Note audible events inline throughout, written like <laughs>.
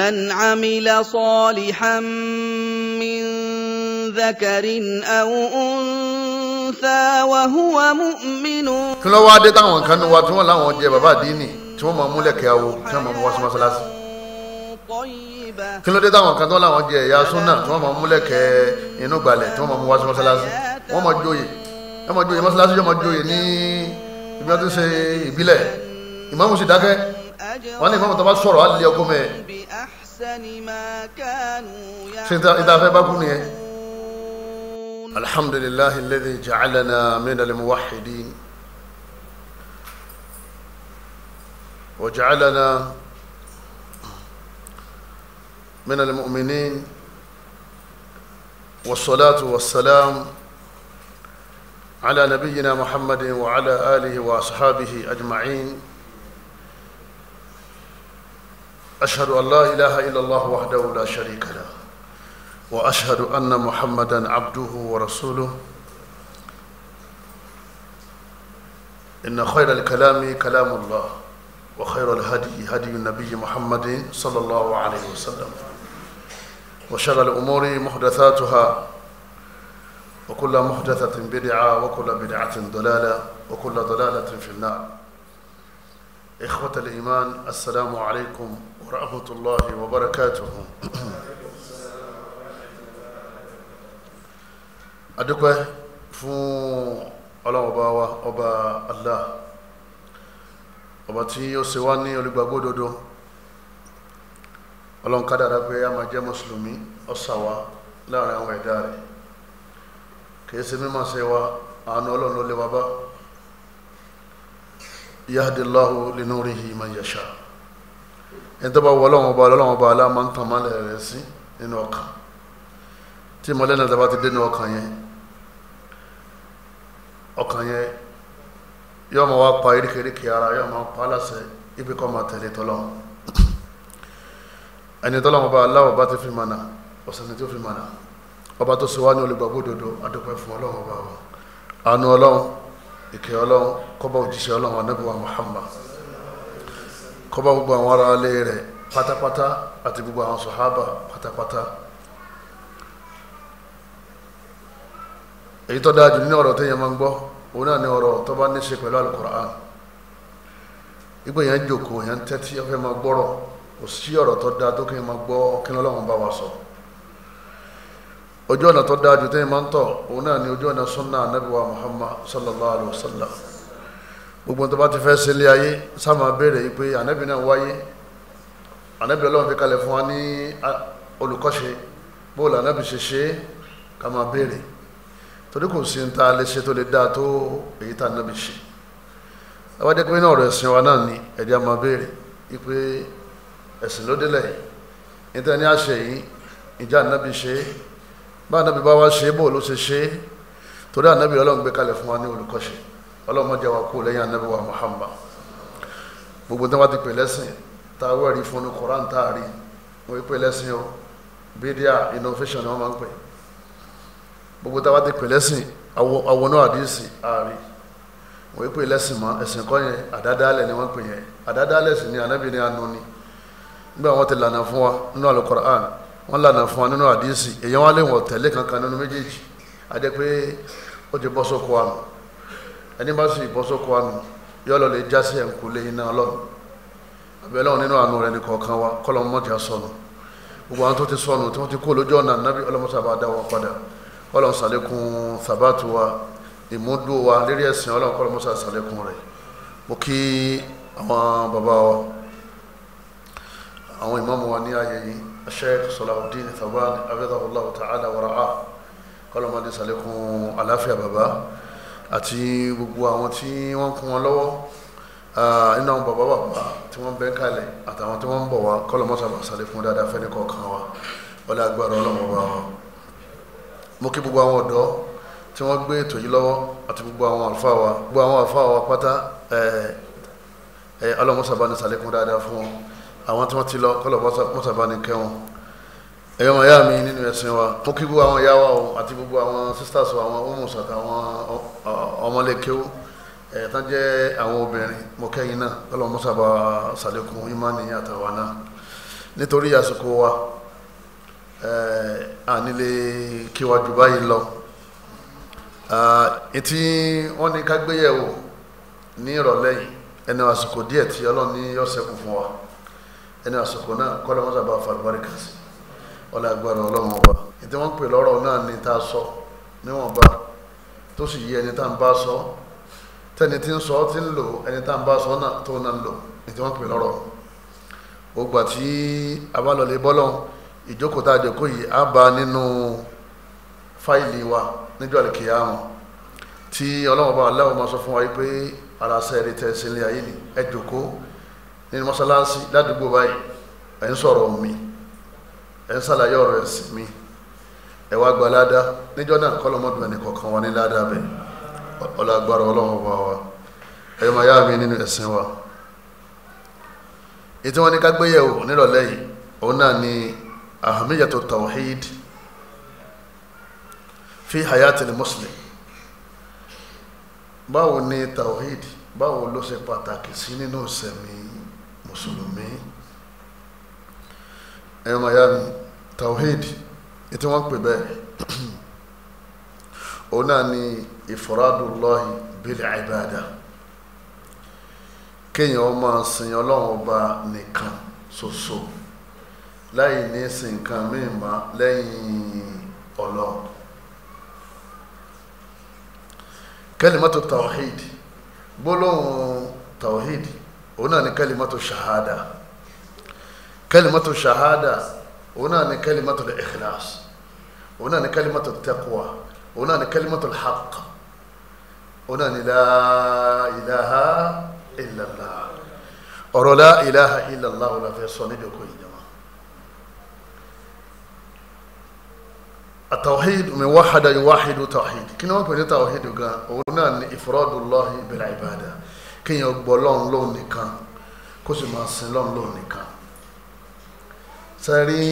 مَنْ عَمِلَ صَالِحًا مِّن ذَكَرٍ أَوْ أُنثَىٰ وَهُوَ مُؤْمِنٌ kí ló wáá dé táwọn kan nu wa tí wọ́n láwọn jẹ bàbá àdínì tí wọ́n máa múlẹ̀ kí awo tí wọ́n máa mú wá sí mọ́ṣáláṣí kí ló dé táwọn kan tó láwọn jẹ ẹ̀yà súnà tí wọ́n máa múlẹ̀ kẹ inú gbalẹ̀ tí wọ́n máa mú wá sí mọ́ṣáláṣí wọ́n máa jóye wọ́n máa jóye mọ́ṣáláṣí yóò máa jóye ní ibi wọ́n ti ṣe ìbílẹ̀ ìmáàmù sì dákẹ́ wọ́n ní ìfọwọ́n tó bá sọ̀rọ̀ á lè ọkọ mẹ́ẹ̀. ṣé ìdáfẹ́ bá kú nìyẹn. alhamdulilahi alladhi ja'alana min al-muwahhidin wa ja'alana min al-mu'minin والصلاة والسلام على نبينا محمد وعلى آله وأصحابه أشهد أن لا إله إلا الله وحده لا شريك له وأشهد أن محمدا عبده ورسوله إن خير الكلام كلام الله وخير الهدي هدي النبي محمد صلى الله عليه وسلم وشر الأمور محدثاتها وكل محدثة بدعة وكل بدعة ضلالة وكل ضلالة في النار إخوة الإيمان السلام عليكم ورحمة الله وبركاته adúpẹ́ fún ọlọ́run ọba wa ọba allah ọba tí ó ṣe wá ní olùgbàgbọ́ òdodo ọlọ́run kádàrá pé a máa jẹ́ mùsùlùmí ọ̀sàwá láàrin àwọn ẹ̀dá rẹ̀ kìí ṣe mímọ̀ ṣe wa àánú ọlọ́run ló lé wa bá yahdillahu linurihi man yasha ẹnitọ́ba wọ ọlọ́run ọba ọlọ́run ọba alá máa ń tàn mọ́lẹ̀ rẹ̀ sí nínú ọkàn tí mọ́lẹ̀ náà dábàá ti dé nínú ọkàn yẹn ọkàn yẹn yóò máa wá pa eríkèéríkèé ara yóò máa pa aláṣẹ ibi kọ́ máa tẹ̀lé tọ́lọ́ ẹni tọ́lọ́ ọba alá ọba ti fi mànà ọ̀sẹ̀ ni tó fi mànà ọba tó sọ wá ní olùgbàgbọ́ òdodo adúpẹ́ fún ọlọ́run ọba wa àánú ọlọ́run ìkẹ́ ọlọ́run kọ́bọ̀ òjíṣẹ́ ọlọ́run anábìwá Muhammad kó bá gbogbo àwọn ará ilé rẹ̀ pátápátá àti gbogbo àwọn sàhábà pátápátá. èyí tó dáa jù nínú ọ̀rọ̀ téèyàn máa ń gbọ́ òun náà ní ọ̀rọ̀ tó bá ní ṣe pẹ̀lú alukur'an igbó yẹn jòkó yẹn tẹ́tí ọ̀fẹ́ máa gbọ́rọ̀ kò sí ọ̀rọ̀ tó dáa tó kí máa gbọ́ kí n bá wa sọ ojú ọ̀nà tó dáa jù téèyàn máa ń tọ̀ òun náà ní ojú ọ̀nà sunna anabiwa muhammad sallallahu alayhi wa sallam gbogbo tó bá ti fẹ́ sílé ayé sáma béèrè yìí pé ànábì náà wáyé ànábì ọlọ́run fi kalẹ̀ fún wa ní olùkọ́ṣe bóòlù ànábì ṣe ṣe ká máa béèrè torí kò sí ta lè ṣe tó lè dáa tó èyí tá ànábì ṣe àwádé pé náà ọ̀rọ̀ ẹ̀sìn wa náà ni ẹ̀dí a máa béèrè yìí pé ẹ̀sìn ló délẹ̀ yìí níta ní àṣẹ yìí ìjà ànábì ṣe bá ànábì bá wá ṣe bóòlù ṣe ṣe torí ànábì ọlọ́run gbé kalẹ̀ fún wa ní olùkọ́ṣe ọlọ́mọdé wa kú lẹ́yìn anabi wa Muhammad gbogbo tí wọ́n ti pè lẹ́sìn tá a wẹ̀rí fún koran tá a rí wọ́n pè lẹ́sìn o bídíà innovation ni wọ́n máa ń pè gbogbo tí wọ́n ti pè lẹ́sìn awọnú àdìsí a rí wọ́n pè lẹ́sìn mọ́ ẹ̀sìn kọ́ yẹn àdádálẹ̀ ni wọ́n pè yẹn àdádálẹ̀ sì ni anabi ni anu ni nígbà wọn ti lànà fún wa nínú alukoran wọn lànà fún wa nínú àdìsí èyí wọn lè wọ̀ tẹ̀lé kankan nínú méjèèjì àdé pé ó ti bọ́ sóko àná ẹni bá sì bọ́ sóko àánú yóò lọ lè já sí ẹ̀ǹkú lé iná ọlọ́run àbẹ̀ ọlọ́run nínú àánú rẹ̀ nìkọ̀ọ̀kan wa kọ́lọ́ mọ́jà sọnù gbogbo àwọn tó ti sọnù tí wọ́n ti kó lójú ọ̀nà nábì ọlọ́mọṣàbá dá wọn padà ọlọ́run sàlékún sàbátù wa ìmúdó wa lérí ẹ̀sìn ọlọ́run kọ́lọ́ mọ́ṣà sàlékún rẹ̀ mo kí àwọn bàbá wa àwọn ìmáàmù wa ní ààyè yìí Sheikh Salahuddin Thabani abẹ́dàbọ̀lá ta'ala wàrà á kọ́lọ́ mọ́ṣà sàlékún àláfíà bàbá àti gbogbo àwọn tí wọ́n kún wọn lọ́wọ́ nínú àwọn bàbá bàbá tí wọ́n bẹ́ kalẹ̀ àtàwọn tí wọ́n ń bọ̀ wá kọ́lọ̀ mọ́sàbà sálẹ̀ fún dáadáa fẹ́ni kọ̀ọ̀kan wa wọlé agbára ọlọ́run wa mo kí gbogbo àwọn ọ̀dọ́ tí wọ́n gbé ètò yìí lọ́wọ́ àti gbogbo àwọn àlùfáà wa gbogbo àwọn àlùfáà wa pátá ọlọ́run mọ́sàbà fún dáadáa fún wọn àwọn tí wọ́n ti lọ kọ́lọ̀ mọ́sàbà ní ẹ̀yọ́ ọmọ ìyá mi nínú ẹ̀sìn wa tó kí gbogbo àwọn ìyá wa o àti gbogbo àwọn sisters wa àwọn homes àtàwọn uh, ọmọlẹ́kẹ́wò ẹ̀ tán jẹ́ àwọn obìnrin mọ̀kẹ́yìn náà ọlọ́run mọ́sàbà sàlékún ìmánì àtàwọn náà nítorí àsìkò wa ànílé kíwájú báyìí lọ etí wọ́n ní ká gbéyẹ̀wò ní ìrọ̀lẹ́ yìí ẹni àsìkò díẹ̀ tí ọlọ́run yọ sẹ́kù fún wa ẹni àsìkò náà kọ́lọ́mọ́sàbà fàlùbáríkà sí i ọlá agbára ọlọ́run ọba ètò wọn pè lọ́rọ̀ náà ni tá a sọ níwọ̀nba tó sì yí ẹni tá à ń bá sọ tẹni tí ń sọ ti ń lò ẹni tá à ń bá sọ náà tó náà ń lò ètò wọn pè lọ́rọ̀ gbogbo àti abálọ̀lẹ̀ bọ́lọ̀ ìjókòó tá a jókòó yìí á bá nínú fáìlì wa níjọ́ àlèkèyà wọn tí ọlọ́run aláwọ̀ máa sọ fún wa yìí pé aláṣẹ ẹ̀rí tẹ̀ sílẹ̀ ayé ni ẹ jókòó nínú mọ́sálásí ládùúgbò báyìí ẹ̀ ń sọ̀rọ̀ mi ẹ ṣàlàyé ọ̀rọ̀ ẹ̀sìn mi ẹ wá gba ládá níjọ́ náà kọ́ lọ́mọdún ẹni kọ̀ọ̀kan wọn ní ládá bẹ̀ ọlágbára ọlọ́run bá wa ẹ̀yọ́ máa yá mi nínú ẹ̀sìn wa ètò wọn ní ká gbéyẹ̀wò nírọ̀lẹ́ yìí òun náà ni ahamiyatu tawhid fi hayati muslim báwo ni tawhid báwo ló ṣe pàtàkì sí nínú ìsẹ̀mí mùsùlùmí ẹ̀yọ́ máa yá mi tawhid ètò wọn pè bẹ́ẹ̀ <clears throat> òun náà ni ifradullahi bil ibada kéèyàn máa sin ọlọ́run ọba nìkan ṣoṣo láì ní sin nǹkan míì má lẹ́yìn ọlọ́run kalimatu tawhid gbólóhùn tawhid òun ni kalimatu shahada kalimatu shahada òun náà ni kalimatu ikhlas òun náà ni kalimatu taqwa òun náà ni kalimatu haqq òun náà ni la ilaha illallah ọ̀rọ̀ la ilaha illallah òun náà fẹ́ sọ níbi òkú yìí jama. التوحيد من وحد يوحد توحيد كنا نقول التوحيد كان هنا إفراد الله بالعبادة كي يقبل لون لون كان كوسي ما سن لون لون كان sẹ́rí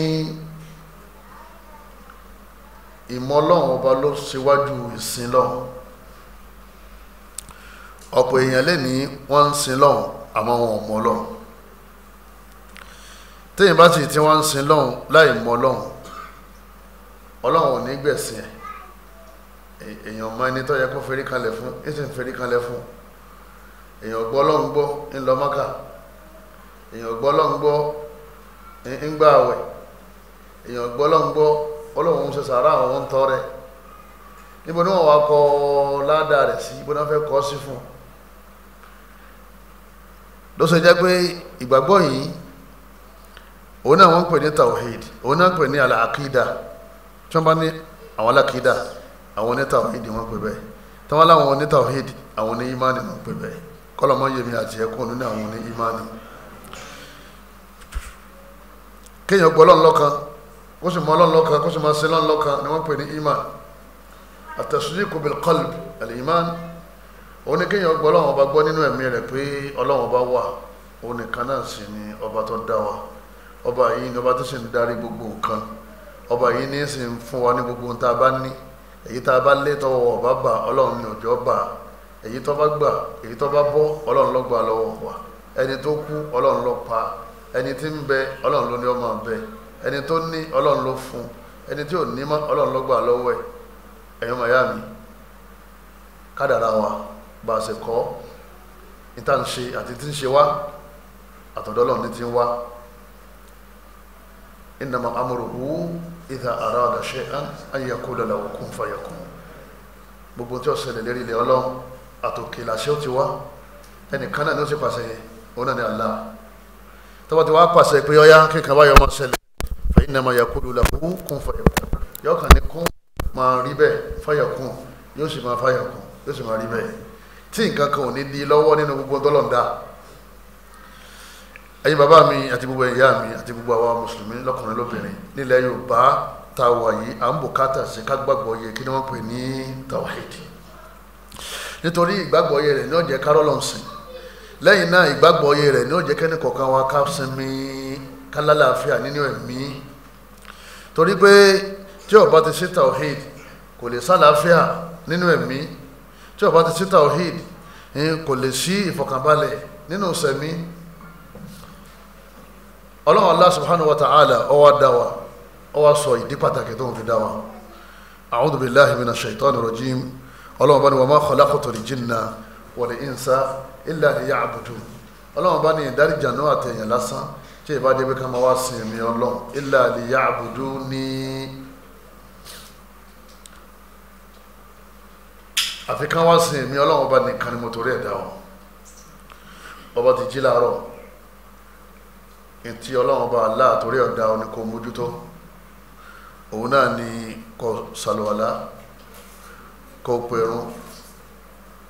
ìmọ̀ ọlọ́run ọba ló ṣíwájú ìsìn lọ́hùn ọ̀pọ̀ èèyàn lè ní wọ́n ń sin lọ́hùn àmọ́ wọn ò mọ̀ lọ́hùn téèyàn bá sì ti wọ́n ń sin lọ́hùn láì mọ̀ lọ́hùn ọlọ́run ò ní gbẹ̀sìn ẹ̀ èèyàn mọ ẹni tó yẹ kó ferí kalẹ̀ fún ẹ ferí kalẹ̀ fún èèyàn gbọ́ ọlọ́run gbọ́ ńlọ mọ́kà èèyàn gbọ́ ọlọ́run gbọ́ ń gbà àwẹ̀ èèyàn gbọ́ lọ́n gbọ́ ọlọ́run ṣe sàárà àwọn ń tọrẹ níbo ni wọ́n wá kọ ládàá sí ibo fẹ́ kọ́ sí fún un ló sọ jẹ́ pé ìgbàgbọ́ yìí òun náà wọ́n pè ní tawhid òun náà pè ní tí wọ́n bá ní àwọn àwọn oní tawhid wọ́n pè bẹ́ẹ̀ tí wọ́n láwọn oní kéèyàn gbọ́ ọlọ́run lọ́kan kó sì mọ ọlọ́run lọ́kan kó sì mọ sin ọlọ́run lọ́kan ni wọ́n pè ní iman àtẹ̀síríkù bil qalb al-iman òun ni kéèyàn gbọ́ ọba gbọ́ nínú ẹ̀mí rẹ̀ pé ọba wà òun nìkan náà ọba ọba yìí ọba tó sì ń darí gbogbo nǹkan ọba yìí ní sì ń fún wa ní gbogbo ọba bá ọlọ́run ní bá èyí tó bá gbà èyí tó bá bọ́ ọlọ́run lọ́wọ́ wa ẹni ẹni tí ń bẹ ọlọ́run ló ní ó máa bẹ ẹni tó ní ọlọ́run ló fún ẹni tí ò ní mọ́ ọlọ́run ló gbà lọ́wọ́ ẹ̀ ẹ̀yọ́ màyá mi kádàrá wa bá kọ́ níta ń ṣe àti tí ń ṣe wá àtọ̀dọ́ ọlọ́run ní ti ń wá innama amruhu idha arada shay'an an yaqula lahu kun fayakun gbogbo tí ó ṣẹlẹ̀ lérí ilẹ̀ ọlọ́run àtòkè làṣẹ ó ti wá ẹnìkan náà ni ó ti pàṣẹ òun náà ni Allah tọ́ba ti wá pàṣẹ pé ọ̀yá kíkan báyọ̀ máa ṣẹlẹ̀ fẹ̀yìn náà máa yàkúlù làkú kún fàyà kún yóò kàn ní kún máa rí bẹ́ẹ̀ fàyà kún yóò sì máa fàyà kún yóò sì máa rí bẹ́ẹ̀ tí nǹkan kan ò ní di lọ́wọ́ nínú gbogbo dọ́lọ́ǹda ẹ̀yin bàbá mi àti gbogbo ìyá mi àti gbogbo àwa mùsùlùmí lọ́kùnrin lóbìnrin nílẹ̀ Yorùbá ta wà à ń bùkátà sí ká gbàgbọ́ yẹ kí ni wọ́n pè ní tawhid nítorí ìgbàgbọ́ yẹ rẹ̀ ní ọ̀jẹ̀ kárọ́lọ́ọ̀sìn lẹ́yìn náà ìgbàgbọ́ ọyẹ rẹ̀ ní òjẹ́ kẹ́ni kọ̀ọ̀kan wa ká sinmi ká lálàáfíà nínú ẹ̀mí torí pé tí ó bá ti sí tawhid kò lè sálàáfíà nínú ẹ̀mí tí ó bá ti sí tawhid kò lè sí ìfọ̀kànbalẹ̀ nínú sẹ̀mí ọlọ́run Allah subhanahu wa ta'ala ó wá dá wa ó sọ ìdí pàtàkì tó ń fi dá wa a'udhu billahi minash shaitani rajim ọlọ́run bá ní wa ma khalaqtu al-jinna wọlé ìnsa ilà ìyá àbùdù ọlọ́run bá ní ìdáríjànú àtẹ̀yìn lásán tí ìbá débi ká máa wá sin èmi ọlọ́run ilà ìyá àbùdù ní. àfi kán wá sin èmi ọlọ́run ọba nìkan ni mo torí ẹ̀ dá wọn ọba ti jí làárọ̀ ètí ọlọ́run ọba aláàtórí ọ̀dá ọ ni kò mójútó òun náà ni kò sàlùwàlá kò pèrún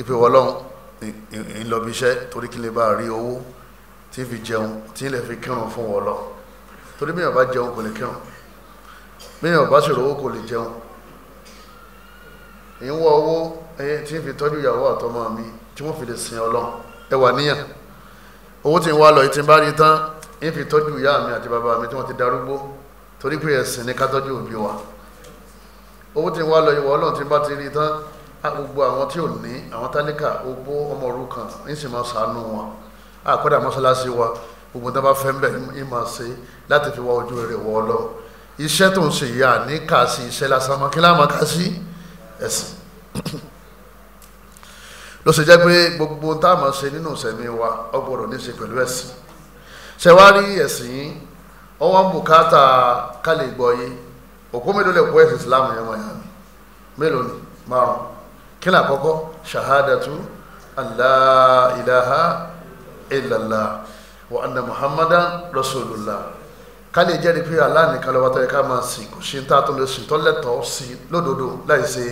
ipe wọlọ́n ńlọbiṣẹ́ torí kí lè bá rí owó tí fi jẹun tí lè fi kírun fún wọlọ́ torí bí yàn bá jẹun kò lè kírun bí yàn bá ṣòro owó kò lè jẹun ìwọ owó ẹyẹ tí fi tọ́jú ìyàwó àtọmọ mi tí wọ́n fi lè sin ọlọ́run ẹ wà níyàn owó tí ń wá lọ yìí tí bá rí tán ń fi tọ́jú ìyá mi àti bàbá mi tí wọ́n ti darúgbó torí pé ẹ̀sìn ni ká tọ́jú òbí wa owó tí ń wá lọ ìwọ ọlọ́run tí ń bá ti rí tán gbogbo àwọn tí ò ní àwọn tálíkà ogbó ọmọ òrukàn ń sì máa sàánú wọn àkọ́dà mọ́sálásí wa gbogbo tí wọ́n bá fẹ́ ń bẹ̀ ń máa ṣe láti fi wá ojú rere wọ ọlọ́run iṣẹ́ tó ń ṣe yìí àní kà sí iṣẹ́ lásán mọ́ kí láàmú ká sí ẹ̀sìn ló ṣe jẹ́ pé gbogbo tá a máa ṣe nínú ìṣẹ̀mí wa ó ní ṣe pẹ̀lú ẹ̀sìn ṣe wá rí ẹ̀sìn yìí bùkátà ká gbọ́ yìí òkú mélòó lè kó ẹ̀sìn Islam yẹn wọ̀nyí mélòó ni márùn-ún kílà àkọ́kọ́ ṣahadatu allah ilaha illallah wa anna muhammadan rasulullah ká lè jẹ́rìí pé Allah nìkan lọ́wọ́ tó yẹ ká máa sìn kò sí tá a tó lè sìn tó lẹ́tọ̀ọ́ sí lódodo láì ṣe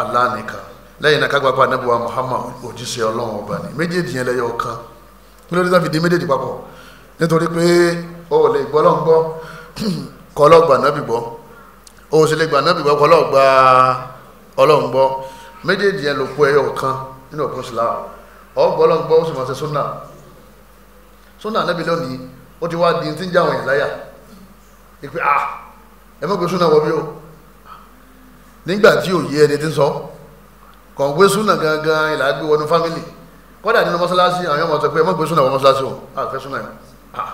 Allah nìkan lẹ́yìn náà kágbá pa anábùwà Muhammad òjíṣẹ́ ọlọ́run ọba ni méjèèjì yẹn lẹ́yọ kan kí ló dé tá di méjèèjì papọ̀ nítorí pé o ò lè gbọ́ lọ́n gbọ́ kọ́ lọ́gbà náà o ò sì lè gbà náà bì gbọ́ kọ́ méjèèjì yẹn ló kó ẹyọ kan nínú ọ̀pọ̀ ìsìláà ọgbọ́ ọlọ́gbọ́ ó sì máa ṣe súnà súnà nẹ́bí lónìí ó ti wá di ti ń já àwọn èèyàn láyà ìpè à ah, ẹ mọ̀ pé súnà wọ bí o nígbà tí ò yé ẹni ti sọ kàn gbé súnà gangan ìlà gbé wọnú fámìlì kọ́dà nínú àwọn ọmọ sọ pé ẹ mọ̀ pé súnà wọ o à fẹ́ súnà yẹn ah,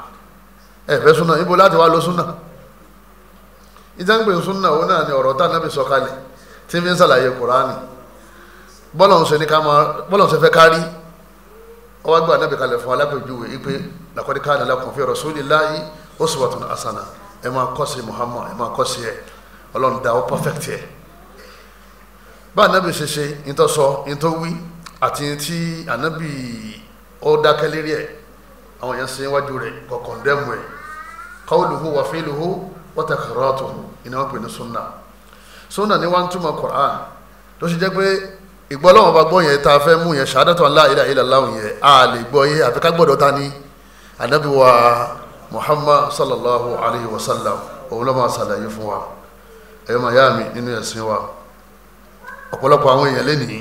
ẹ fẹ́ súnà ibo láti wá lọ súnà súnà náà ni ọ̀rọ̀ tá a bọ́lọ̀n ṣe ní ká máa bọ́lọ̀n ṣe fẹ́ kárí ọwọ́ gbà nábì kalẹ̀ fún alápèjúwe ipe làkọ́dí káàdì alákùn fi rasulillahi uswatun hasana ẹ máa kọ́ sí muhammad ẹ máa kọ́ sí ẹ ọlọ́run da ọ perfect ẹ bá anábì ṣe ṣe ìtọ́ sọ ìtọ́ wí àti tí anábì ó dákẹ́ lérí ẹ àwọn èèyàn ṣe wájú rẹ kọ kọ̀ndẹ́mù ẹ qawluhu wa fi'luhu wa ìnáwó pè ní sunna sunna ni wọ́n túmọ̀ Qur'an tó ìgbọ́ lọ́wọ́ bá gbọ́ yẹn tá a fẹ́ mú yẹn ṣàdátọ̀ ńlá ilà ilà láwùn yẹn a lè gbọ́ yẹn àfi ká gbọ́dọ̀ ta ni anabi wa muhammad sallallahu alayhi wa sallam òun ló máa ṣàlàyé fún wa ẹ̀yọ́ màá yá mi nínú ẹ̀sìn wa ọ̀pọ̀lọpọ̀ àwọn èèyàn lénìí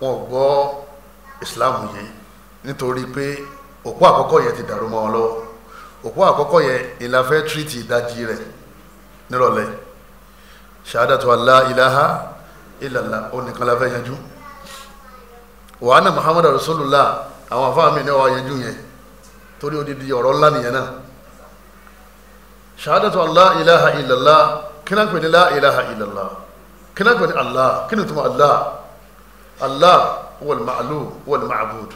wọn gbọ́ islam yìí nítorí pé òpó àkọ́kọ́ yẹn ti dàrú mọ́ wọn lọ́wọ́ òpó àkọ́kọ́ yẹn ìlà fẹ́ ìdajì rẹ̀ nírọ̀lẹ́ ṣàdátọ̀ ńlá ilaha ìlàlà onìkan la fẹ́ yanjú wa anna muhammadu rasulullah àwọn afáàmì ní wàá yanjú yẹn torí odidi ọ̀rọ̀ ńlá nìyẹn náà shahadatu allah ilaha illallah kínáà pè ní la ilaha illallah kínáà pè ní allah kí ni tuma allah allah wal ma'lum wal ma'bud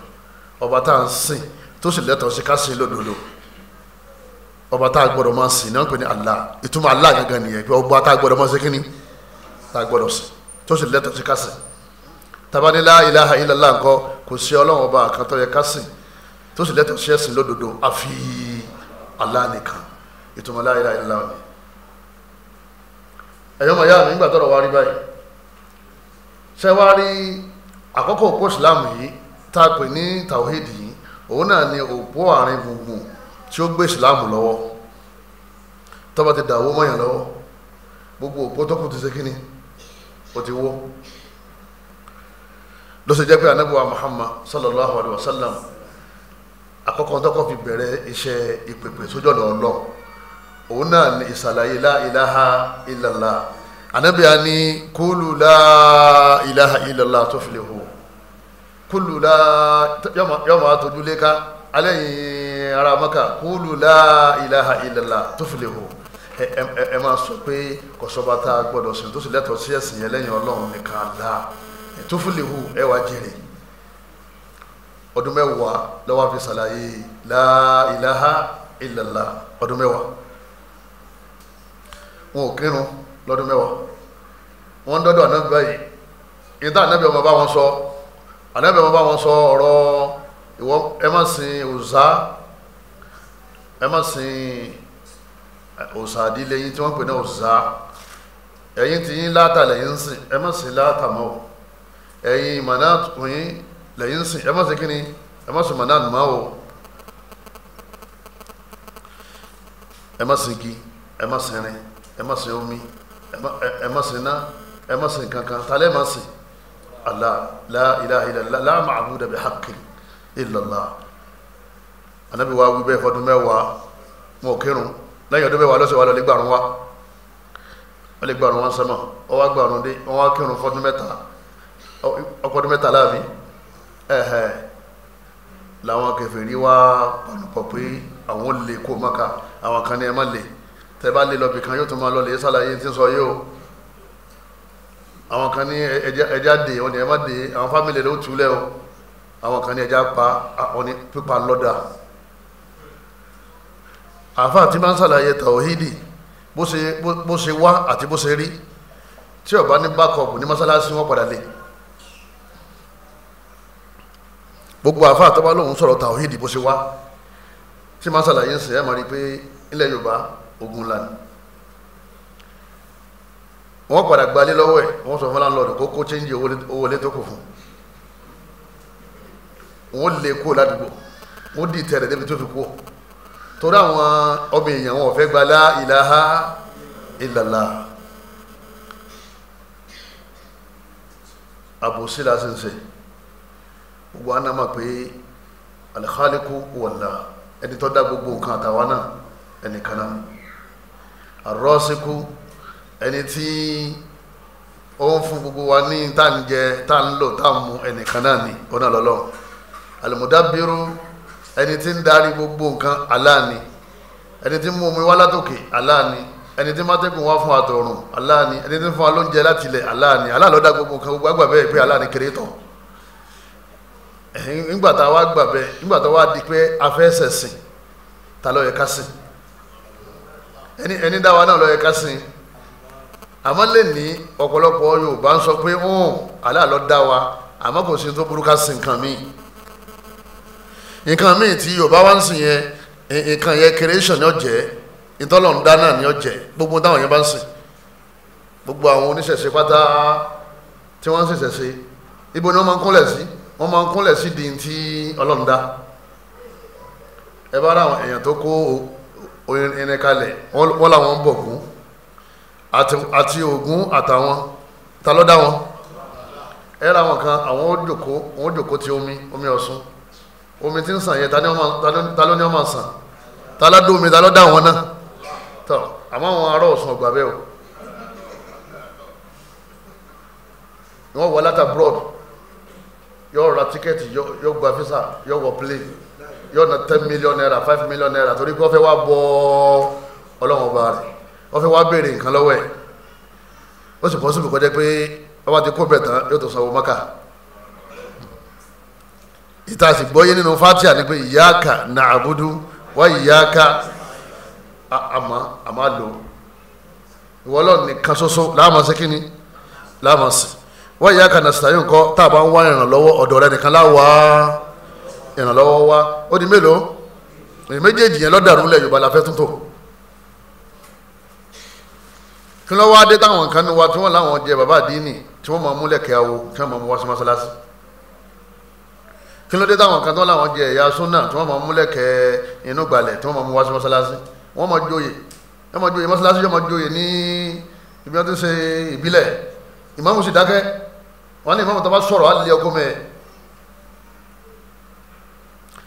ọba tá à ń sìn tó sì lẹ́tọ̀ọ́ sí ká sìn lódodo ọba tá a gbọ́dọ̀ máa sìn náà pè ní gangan nìyẹn pé ọba tá a gbọ́dọ̀ máa sìn kí ni tó sì lẹ́tọ̀ sí kásì tabani la ilaha illallah ńkọ́ kò sí ọlọ́run ọba àkàtọ yẹ kásì tó sì lẹ́tọ̀ sí ẹ̀sìn lódodo àfi Allah nìkan ìtumọ̀ la ilaha illallah ni ẹ̀yọ́ mọ̀ yára nígbà tọrọ wa rí báyìí ṣé wàá rí àkọ́kọ́ òpó islam yìí tá a pè ní tawhid yìí òun náà ni òpó àárín gbùngbùn tí ó gbé islam lọ́wọ́ tọ́ba ti dàwó mọ́yàn lọ́wọ́ gbogbo òpó tó kù ti ṣe kínní ó ti wó ló ṣe jẹ́ pé anabiwa muhammad sallallahu alayhi wa sallam àkọ́kọ́ tọkọ fi bẹ̀rẹ̀ iṣẹ́ ìpèpè sójú ọ̀nà ọlọ òun náà ni ìsàlàyé la ilaha illallah anabiya ni kúlù la ilaha illallah tuflihu kúlù la yọmọ àtọjú lẹka alẹ́ yìí ara maka kúlù la ilaha illallah tuflihu ẹ máa sọ pé kọsọba tá a gbọ́dọ̀ sìn tó sì lẹ́tọ̀ọ́ sí ẹ̀sìn yẹn lẹ́yìn Ọlọ́run nìkan la tó fún lehu ẹ wá jèrè ọdún mẹ́wàá lọ́wọ́ fi ṣàlàyé la ilaha illallah ọdún mẹ́wàá wọn ò kírun lọ́dún mẹ́wàá wọn dọdọ anabi báyìí ìdá anabi ọmọ bá wọn sọ anabi ọmọ bá wọn sọ ọ̀rọ̀ ìwọ ẹ má sìn òòṣà ẹ má sìn òsà àdílé yín tí wọ́n pè ní òsà ẹ̀yin tí yín láta lẹ́yìn sìn ẹ má sìn láta mọ́ ẹ̀yin mọ̀nà yín lẹ́yìn sìn ẹ má sìn kíni ẹ má sìn mọ̀nà mọ́ o ẹ má sìn igi ẹ má sìn rin ẹ má sìn omi ẹ má sìn iná ẹ má sìn kankan talẹ́ má sìn Allah la ilaha illallah la ma'buda bihaqqin illallah anabi wa wí bẹ́ẹ̀ fọdún mẹ́wàá wọn ò lẹ́yìn ọdún mẹ́wàá lọ́sẹ̀ wa lọ lè gbàrún wa wọ́n lè gbàrún wọn sẹ́mọ̀ wọ́n wá gbàrún dé wọ́n wá kírun fọ́dún mẹ́ta ọkọ̀dún mẹ́ta láàbí ẹ̀hẹ̀ làwọn kèfèrí wá pàlùpọ̀ pé àwọn lè kó mọ́ka àwọn kan ní ẹ má lè tẹ bá lè lọ́bì kan yóò tún máa lọ lè sàlàyé tí ń sọ yóò àwọn kan ní ẹja dè wọn ní ẹ má dè àwọn fámìlì rẹ ó túlẹ̀ o àwọn kan ní ẹja pa àwọn ní pípa lọ́dà àfa àti máa ń ṣàlàyé tàwọ́hídì bó ṣe wá àti bó ṣe rí tí ó bá ní backup ní mọ́sálásí wọn padà lè gbogbo àfa àtọ́bá lòun sọ̀rọ̀ tàwọ́hídì bó ṣe wá tí máa ń ṣàlàyé ń sè é máa rí i pé ilẹ̀ Yorùbá ogun lànà wọ́n padà gbalé lọ́wọ́ ẹ̀ wọ́n sọ fún láńlọ́ọ̀dù kó kó chẹ́ńjì owó lé tó kù fún wọ́n lè kó ládùúgbò wọ́n dì tẹ̀rẹ̀ débi tó fi kú ọ́. torí àwọn ọmọ èèyàn wọn fẹ́ gba lá ilaha illallah àbòsí la ṣe gbogbo àná máa pé al-khaliqu ẹni tó dá gbogbo nǹkan àtàwọn náà ẹnìkan náà ar ẹni tí ó ń fún gbogbo wa ní tá à ń jẹ tá à ń lò tá à ń mu ẹnìkan náà ni ọ̀nà lọ́lọ́ ẹni tí ń darí gbogbo nǹkan aláàní ẹni tí ń mú omi wá látòkè aláàní ẹni tí mátẹ́kùn wá fún àtọ̀run aláàní ẹni tí ń fún wa lóúnjẹ láti ilẹ̀ aláàní aláàlọ́dá gbogbo nǹkan gbogbo àgbà bẹ́ẹ̀ pé aláàní kéré tán nígbà tá a wá gbà bẹ́ẹ̀ nígbà tá a wá di pé a fẹ́ sẹ̀sìn ta ló yẹ ká sìn ẹni ẹni dá wa náà ló yẹ ká sìn àmọ́ lè ní ọ̀pọ̀lọpọ̀ Yorùbá ń sọ pé aláàlọ́dá wa àmọ́ kò sí tó burú ká sìn kan míì nǹkan míì tí yorùbá wá ń sìn yẹn nǹkan yẹn creation ni ó jẹ́ ìtọ́lọ̀ ń dáná ni ó jẹ́ gbogbo táwọn yẹn bá ń sìn gbogbo àwọn oníṣẹ̀ṣe pátá tí wọ́n ń ṣẹ̀ṣẹ̀ṣe ibo ni wọ́n máa ń kúnlẹ̀ sí wọ́n máa ń kúnlẹ̀ sí di ti ọlọ́run dá ẹ bá ráwọn èèyàn tó kó irin kalẹ̀ wọ́n làwọn ń bọ̀ gún àti ògún àtàwọn ta ló wọn ẹ ra kan àwọn ó jòkó wọn ó jòkó ti omi omi ọ̀sùn omi tí ń sàn yẹn ta ló ní ọmọ sàn ta ló dómi ta ló dá wọn náà tọ àmọ́ àwọn ará Ọ̀ṣun ọgbà bẹ́ẹ̀ o ni wọ́n wọ láti broad yóò ra tíkẹ́ẹ̀tì yóò gba visa yóò wọ yóò na ten million naira five million naira torí pé wọ́n fẹ́ wá bọ́ ọlọ́wọ́n ọba rẹ̀ wọ́n fẹ́ wá béèrè nǹkan lọ́wọ́ ẹ̀ ó sì pọ́sibú kọjá pé wọ́n bá ti kó bẹ̀ tán ìta sì gbọ́yé nínú fatia ni pé ìyáàkà na àbúdú wá ìyáàkà àmà àmà lò ìwọ ọlọ́run nìkan ṣoṣo láàmà sí kínní láàmà sí wá ìyáàkà na sàyìn kọ́ tá a bá ń wá ìrànlọ́wọ́ ọ̀dọ̀ rẹ nìkan láwa ìrànlọ́wọ́ wá ó di mélòó èyí méjèèjì yẹn lọ́dàrú lẹ̀ yorùbá la fẹ́ tún tò kí ló wá dé táwọn kan ní wa tí wọ́n láwọn jẹ bàbá àdínì tí wọ́n máa múlẹ̀ kẹ́ àwo tí wọ́n máa mú wá sí mọ́sálásí kí ló dé táwọn kan tó láwọn jẹ ẹ̀yà súnà tí wọ́n máa múlẹ̀ kẹ́ inú gbalẹ̀ tí wọ́n máa mú wá sí mọ́sálásí wọ́n máa joyè wọ́n máa joyè mọ́sálásí yóò máa joyè ní ibi wọ́n ti ṣe ìbílẹ̀ ìmáàmù sì dákẹ́ wọ́n ní ìmáàmù tó bá sọ̀rọ̀ á lé ọkọ mẹ́ẹ̀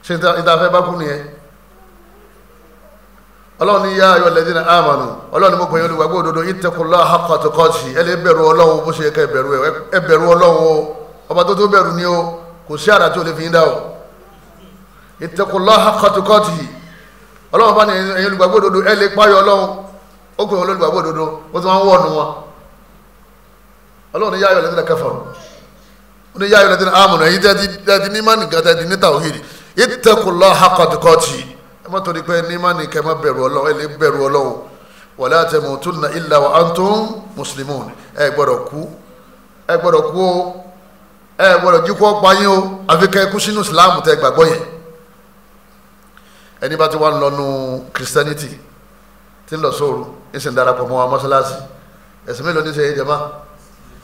ṣe ìtafẹ́ bá kú nìyẹn ọlọ́run ní yá ayọ̀ lẹ́dí ní àmàlù ọlọ́run ní mo pèyàn olùgbàgbọ́ òdodo ìtẹ̀kùnlá kò sí àrà tí o lè fi yín dá o ittaqullaha haqqa tuqatihi ọlọ́run bá ní ẹ̀yin olùgbàgbọ́ òdodo ẹ̀ lè páyọ ọlọ́run ó gbé wọn olùgbàgbọ́ òdodo ó ti máa ń wọ̀nù wọn ọlọ́run ní yá ayọ̀ kẹfà ó ní yá tẹ́tí ní mánì ẹ torí pé ní mánì ẹ gbọ́dọ̀ jí kọ́ pa yín o àfi kẹ́ kú sínú ìsìláàmù tẹ́ gbàgbọ́ yẹn ẹni bá ti wà ń christianity ń lọ sóòru ń darapọ̀ mọ́ wa ẹ̀sìn mélòó ní sẹ́yìn jẹ́má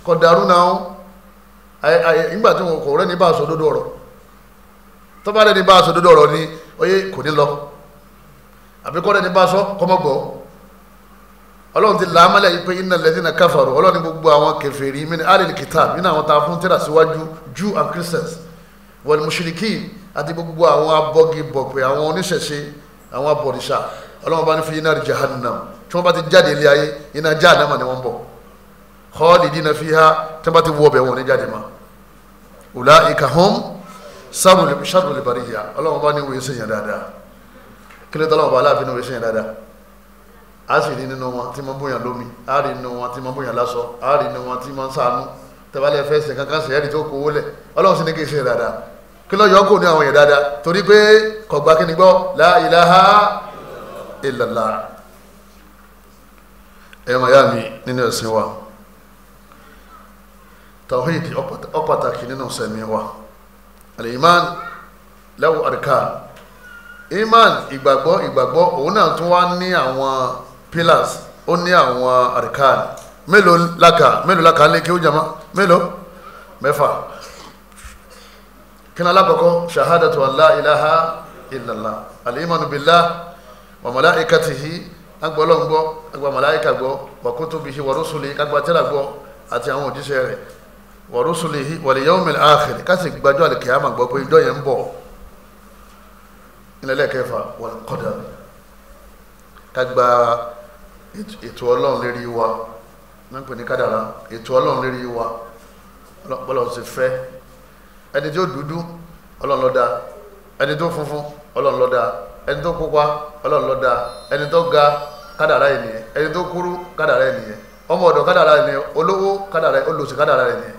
kọ́ darú náà nígbà tí wọn kò rẹ́ ní bá aṣọ òdodo ọ̀rọ̀ ní ni oyè kò ní lọ àbíkọ́ ọlọ́run ti làámọ́lẹ̀ yìí pé iná lẹ́dínà káfàrọ̀ ọlọ́run gbogbo àwọn kẹfẹ́rì mí ní alẹ́ kìtàb nínú àwọn tá a fún tẹ́lá síwájú Jew and Christians wọ́n mùsùlùkì àti gbogbo àwọn abọ́gi bọ̀pẹ̀ àwọn oníṣẹ̀ṣe àwọn abọ̀rìṣà ọlọ́run bá ní fi iná rí jahannam tí wọ́n bá ti jáde ilé ayé iná jahannama ni wọ́n bọ̀ khalidina fiha tí wọ́n bá ti wọ ọbẹ̀ wọn ní jáde ma ulaika hum sharrul bariyya a sì rí nínú wọn tí máa ń bóyá lómi a rí nínú wọn tí máa ń bóyá lásọ a rí nínú wọn tí máa ń sànú tẹ́bálẹ̀ fẹ́ ṣe kankan ṣe ẹ̀rí tó kówó lẹ̀ ọlọ́run sì ní kí n ṣe dáadáa kí lọ́ọ́ yọ kó ní àwọn yẹn dáadáa torí pé kọ̀gbá kí ni gbọ́ la ilaha illallah ẹ̀rọ màyà mi nínú ẹ̀sìn wa tawhid ọ̀pàtàkì nínú sẹ̀mí wa al-iman lahu arkan iman ìgbàgbọ́ ìgbàgbọ́ òun náà tún wá ní àwọn pillars ó ní àwọn arkan mélòó laka mélòó laka lé kí ó jama mélòó mẹ́fà kí ni alákọ̀ọ́kọ́ shahadatu an la ilaha illallah al-imanu billah wa malaikatihi agbọ́lọ́ gbọ́ agba màláìka gbọ́ wa kutubihi wa rusulihi agba tẹ́lá gbọ́ àti àwọn òjíṣẹ́ rẹ̀ wa rusulihi wal yawmil akhir kásì gbàjọ́ pé ìjọ yẹn ń ilẹ̀ lẹ́kẹ̀ẹ́fà wal qadar ètò ọlọ́run lérí wa náà pè ní kádàrá ètò ọlọ́run lérí wa ọlọ́run sì fẹ́ ẹni tó dúdú ọlọ́run ló ẹni tó funfun ọlọ́run ló ẹni tó pupa ọlọ́run ló ẹni tó ga kádàrá yìí nìyẹn ẹni tó kúrú kádàrá yìí nìyẹn ọmọ ọ̀dọ̀ kádàrá yìí nìyẹn olówó kádàrá yìí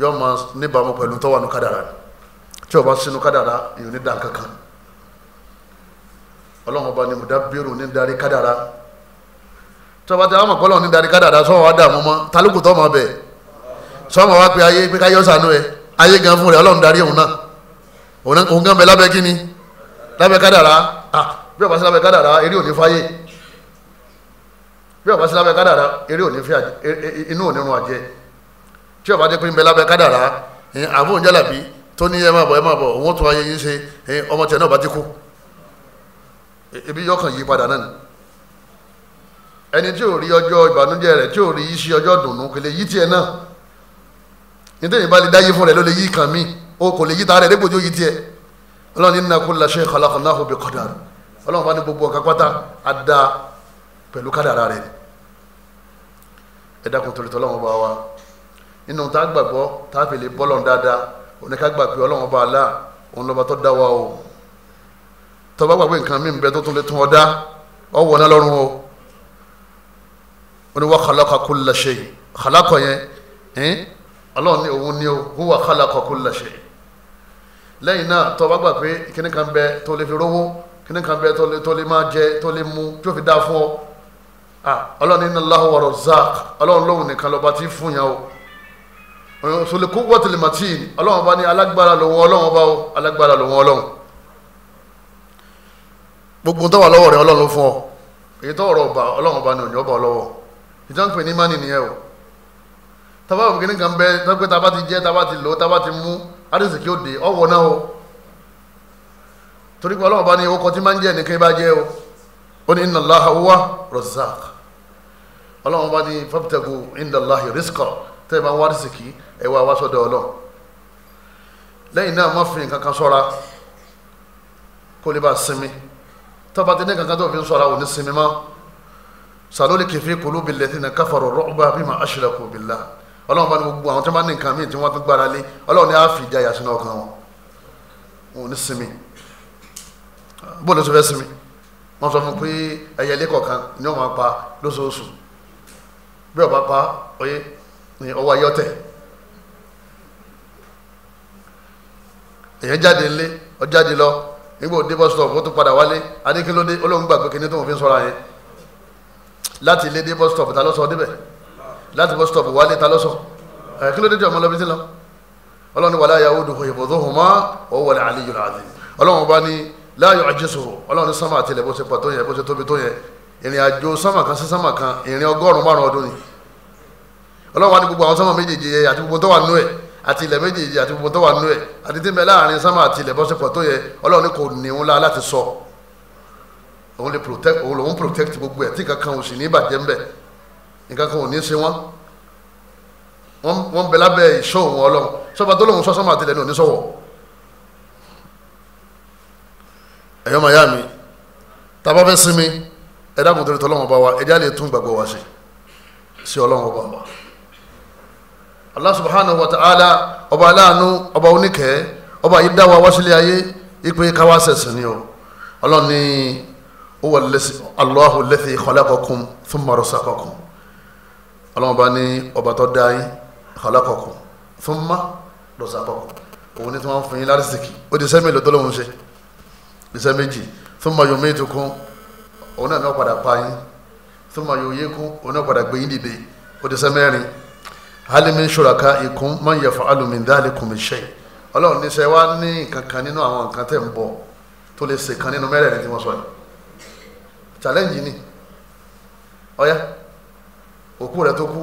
yóò máa níbàámu pẹ̀lú tó wà nù kádàrà tí o bá sínú kádàrà yóò ní dàn kankan ọlọ́run ọba ni mudabbiru ní darí kádàrà tí o bá ti àwọn ọmọkọ́lọ́ ní darí kádàrà sọ́wọ́n wá dààmú mọ́ tálùkù tó ọmọ bẹ̀ sọ́wọ́n wá pe ayé pé káyọ́ sànú ẹ ayé gan fún rẹ ọlọ́run darí òun náà òun gan bẹ lábẹ́ kíni lábẹ́ kádàrà ah bí o bá sí lábẹ́ kádàrà eré òní fáyé bí o bá sí lábẹ́ kádàrà eré òní fi e, e, inú òní run àjẹ tí ọba jẹ́ pé ń bẹ lábẹ́ kádàrá àbúrò jálàbí tó ní ẹ máa bọ̀ ẹ máa bọ̀ òun tó ayé yín ṣe ọmọ tiẹ̀ náà bá ti ebi yọkàn yí padà náà ni ẹni tí ò rí ọjọ́ ìbànújẹ́ rẹ̀ tí ò rí iṣẹ́ ọjọ́ dùnú kò lè yí tiẹ̀ náà nítorí ìbá lè dáyé fún rẹ̀ ló lè yí kàn mí o kò lè yí ta rẹ̀ dégbò tó yí tiẹ̀ ọlọ́run inna kulla shay khalaqnahu bi qadar ọlọ́run bá ní gbogbo ọ̀ka pátá a da pẹ̀lú kádàrá rẹ̀ ẹ̀dá kò torí tọ́lọ́run bá wa inú tá a gbàgbọ́ tá a fi lè bọ́ lọ́n dáadáa òní ká gbà pé ọlọ́run ọba àlá òun lọ́ba tó dá wa o tó bá gbàgbé nǹkan míì bẹ tó tún lè tún ọ dá ọ wọ̀ ná lọ́rùn o oní wa khalaqa kulla shay yẹn ẹn ọlọ́run ní òun ní o huwa khalaqa kulla shay lẹ́yìn náà tó bá gbà pé kíní kan bẹ tó lè fi rówó kíní kan bẹ tó lè tó lè máa jẹ tó lè mu tó fi dá fún ọ ọlọ́run inna Allahu wa razzaq ọlọ́run lóhùn nìkan lọ́ba tí fún yàn o òṣòlùkú wọ́tìlìmọ̀tì ọlọ́run bá ní alágbára lòun ọlọ́run bá ó alágbára lòun ọlọ́run gbogbo tó wà lọ́wọ́ rẹ̀ ọlọ́run fún ọ èyí tó ọ̀rọ̀ ọba ọlọ́run bá ní òyìn ọba ọlọ́wọ́ ìjọ ń pè ní mánì nìyẹn o tábà òkè ní kan bẹ tọ́pẹ́ tábà ti jẹ́ tábà ti lò tábà ti mú àdìsí kí ó dé ọwọ́ náà o torí pé ọlọ́run bá ní owó kan máa ń jẹ́ nìkan bá jẹ́ o ó ní inna bá wá àdìsí ẹ wá wá sọ́dọ̀ Ọlọ́run lẹ́yìn náà má fi nǹkan kan ṣọ́ra kó lè bá sinmi tọ́ba tí ní kankan tó fi ń ṣọ́ra ò ní sinmi mọ́ sàlóòlì kìfì kulubi lẹ́tìnà káfàrọ̀ rọ́ọ̀bà bima ashraku billah Ọlọ́run bá ní gbogbo àwọn tí wọ́n bá ní nǹkan míì tí wọ́n fi gbára lé Ọlọ́run ní àfi ìjà yàtúnà ọkàn wọn ò ní sinmi bó ló ti fẹ́ sinmi wọ́n sọ fún pé ẹyẹ ilé kọ̀ọ̀kan ni wọ́n máa pa lóṣooṣù bí ọba pa ọyẹ ọwọ́ ayọ́tẹ̀ èyàn jáde ńlé ó jáde lọ nígbà òde bus stop ó tún padà wálé adékélódé olóhùn gbàgbé kíní tó ń fi sọ́ra yẹn láti ilé dé bus stop ta lọ́sọ̀ débẹ̀ láti bus stop wálé ta lọ́sọ̀ ẹ̀ kílódé tí ọmọ lọ bí sí lọ ọlọ́run wà láyà ó dùnkù ìbòdó hùn mọ́ ó wọlé àlejò àti ọlọ́run bá ní láyọ̀ àjẹsò ọlọ́run sánmà àtìlẹ̀ bó ṣe pàtó yẹn bó ṣe tóbi tó yẹn ìrìn àjò sánmà kan sí sánmà kan ìrìn ọgọ́rùn-ún márùn-ún ọdún ni ọlọ́run wà ní gbogbo àwọn sánmà méjèèjì yẹn àti gbogbo tó wà nínú ẹ̀ àti ilẹ̀ méjèèjì àti gbogbo tó wà nínú ẹ̀ àti tí mẹ́ láàrin sámà àti ilẹ̀ bọ́sẹ̀pọ̀ tó yẹ ọlọ́run ní kò ní òun la láti sọ òun lè protect òun lòun protect gbogbo ẹ̀ tí kankan ò sì ní bàjẹ́ ńbẹ̀ nǹkan kan ò ní ṣe wọ́n wọ́n bẹ lábẹ́ ìṣọ́ òun ọlọ́run sọ́ba tó lòun sọ sámà àti ilẹ̀ ní òní sọ̀wọ́ ẹ̀yọ́ màá yá mi tábà fẹ́ sinmi ẹ̀dá kùtùrù tọ́lọ́wọ́n bá allah subhanahu wa ta'ala ọba aláàánú ọba oníkẹ́ ọba yìí dá wa wá sílé ayé ipe káwá sẹ̀sìn ni o ọlọ́run ní huwa allahu allathi khalaqakum thumma rasaqakum ọlọ́run bá ní ọba tó dá yín khalaqakum thumma rasaqakum òun ní tí wọ́n fún yín lárísìkì ó di sẹ́mi lọ́dọ́ lòun ṣe iṣẹ́ méjì thumma yumitukum òun náà ní ọ̀padà pa yín thumma yuhyikum òun náà padà gbé yín dìde ó di sẹ́mẹ́rin halimin suraka ikun man yafa alumin dhalikum min shay ọlọ́run ní sẹ́ wá ní kankan nínú àwọn nǹkan tẹ̀ ń bọ̀ tó lè ṣe kan nínú mẹ́rẹ̀ẹ̀rin tí wọ́n sọ yìí challenge ni ọ̀ya òkú rẹ̀ tó kú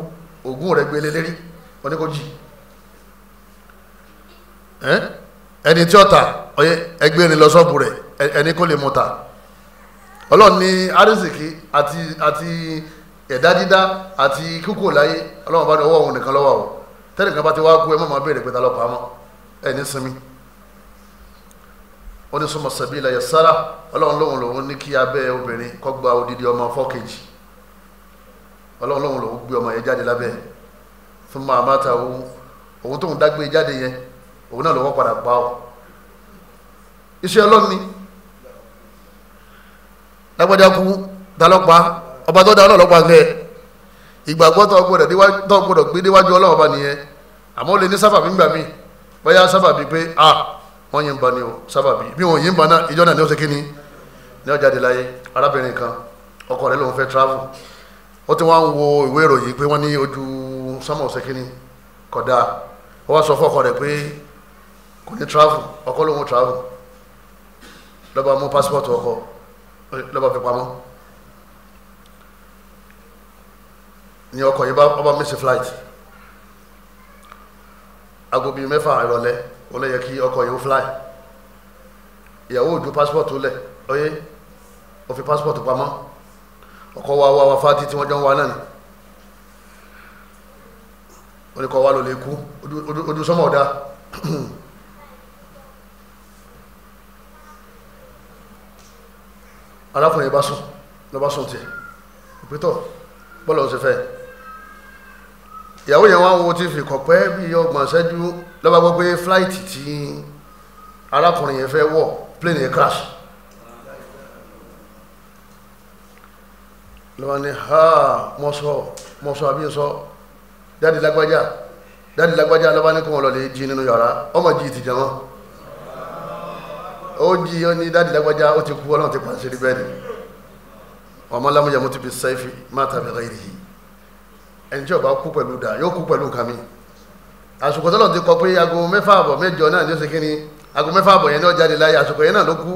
ògùn rẹ̀ gbélé lérí oníkójì ẹni tí ó ta ọyẹ ẹgbẹ́ ni lọ sọ́ọ̀bù rẹ̀ ẹni kó lè mú ta ọlọ́run ní àti àti. ẹ̀dá dídá àti kíkó láyé ọlọ́run bá ní ọwọ́ òun nìkan lọ́wọ́ o kan bá ti wá kú ẹ máa béèrè pé ọlọ́pàá mọ́ ẹ ní sinmi ó ní sọmọ sẹ̀bí ilẹ̀ sára ọlọ́run lóhùn lòun ní kí abẹ́ obìnrin gba odidi ọmọ jáde lábẹ́ fún máa ta jáde yẹn òun náà lọ́wọ́ padà pa ọ́ iṣẹ́ ọlọ́run ni kú ọba tó da ọlọ́ọ̀lọ́pàá ńlẹ̀ ìgbàgbọ́ tó gbọdọ̀ gbé níwájú ọlọ́ọ̀ba nìyẹn àmọ́ ó lè ní sábàbí ńgbà míì bóyá sábàbí pé a wọ́n yín ba ni o sábàbí bí wọ́n yín ba náà ìjọ náà ni ó ṣe kíni ní ọjà de láyé arábìnrin kan ọkọ rẹ̀ lòun fẹ́ travel ó ti wọ́n wo ìwé ìròyìn pé wọ́n ní ojú sọ́mọ̀ ó ṣe kíni kódà ó wá sọ fún ọkọ rẹ̀ pé kò ní travel ọkọ lòun travel lọ́ba mú passport ọkọ lọ́ba fi pamọ́ ní ọkọ̀ yìí ọba mẹ́sì flight aago bíi mẹ́fà ìrọ̀lẹ́ ó lè yẹ kí ọkọ̀ yìí ó fly ìyàwó ojú passport lẹ̀ ọyẹ ó fi passport pamọ́ ọkọ̀ wa wa wa fati tí wọ́n jọ ń wa náà ni wọ́n ní kọ́ wa ló lè kú ojú sọ́mọ̀ ọ̀dà <coughs> arákùnrin bá sùn lọ́ba sùn tiẹ̀ ìpẹ́tọ̀ bọ́ọ̀lù ọ̀sẹ̀ fẹ́ẹ́ ìyàwó yẹn wá wo ti fi kọ̀pẹ́ bí ọgbọ̀n ṣẹ́jú lọ́ba gbọ́ pé fúláìtì tí arákùnrin yẹn fẹ́ wọ̀ plane yẹn crash lọ́ba ní ha mọ́sọ́ mọ́sọ́ àbí sọ dáàdi lágbájá dáàdi lágbájá lọ́ba ní kó wọn lọ lè jí nínú yàrá ọmọ jí ti jẹun ó jí ó ní dáàdi lágbájá ó ti kú ọlọ́run ti pàṣẹ rí bẹ́ẹ̀ ni ọmọ lámúyàmú ti fi sẹ́fì má tàbí rẹ̀ yìí ẹni tí o bá kú pẹ̀lú dà yóò kú pẹ̀lú kàmí àsìkò tọ́lọ̀ ti kọ pé aago mẹ́fà àbọ̀ mẹ́jọ náà ní oṣù kínní aago mẹ́fà àbọ̀ yẹn náà jáde láyé àsìkò yẹn náà ló kú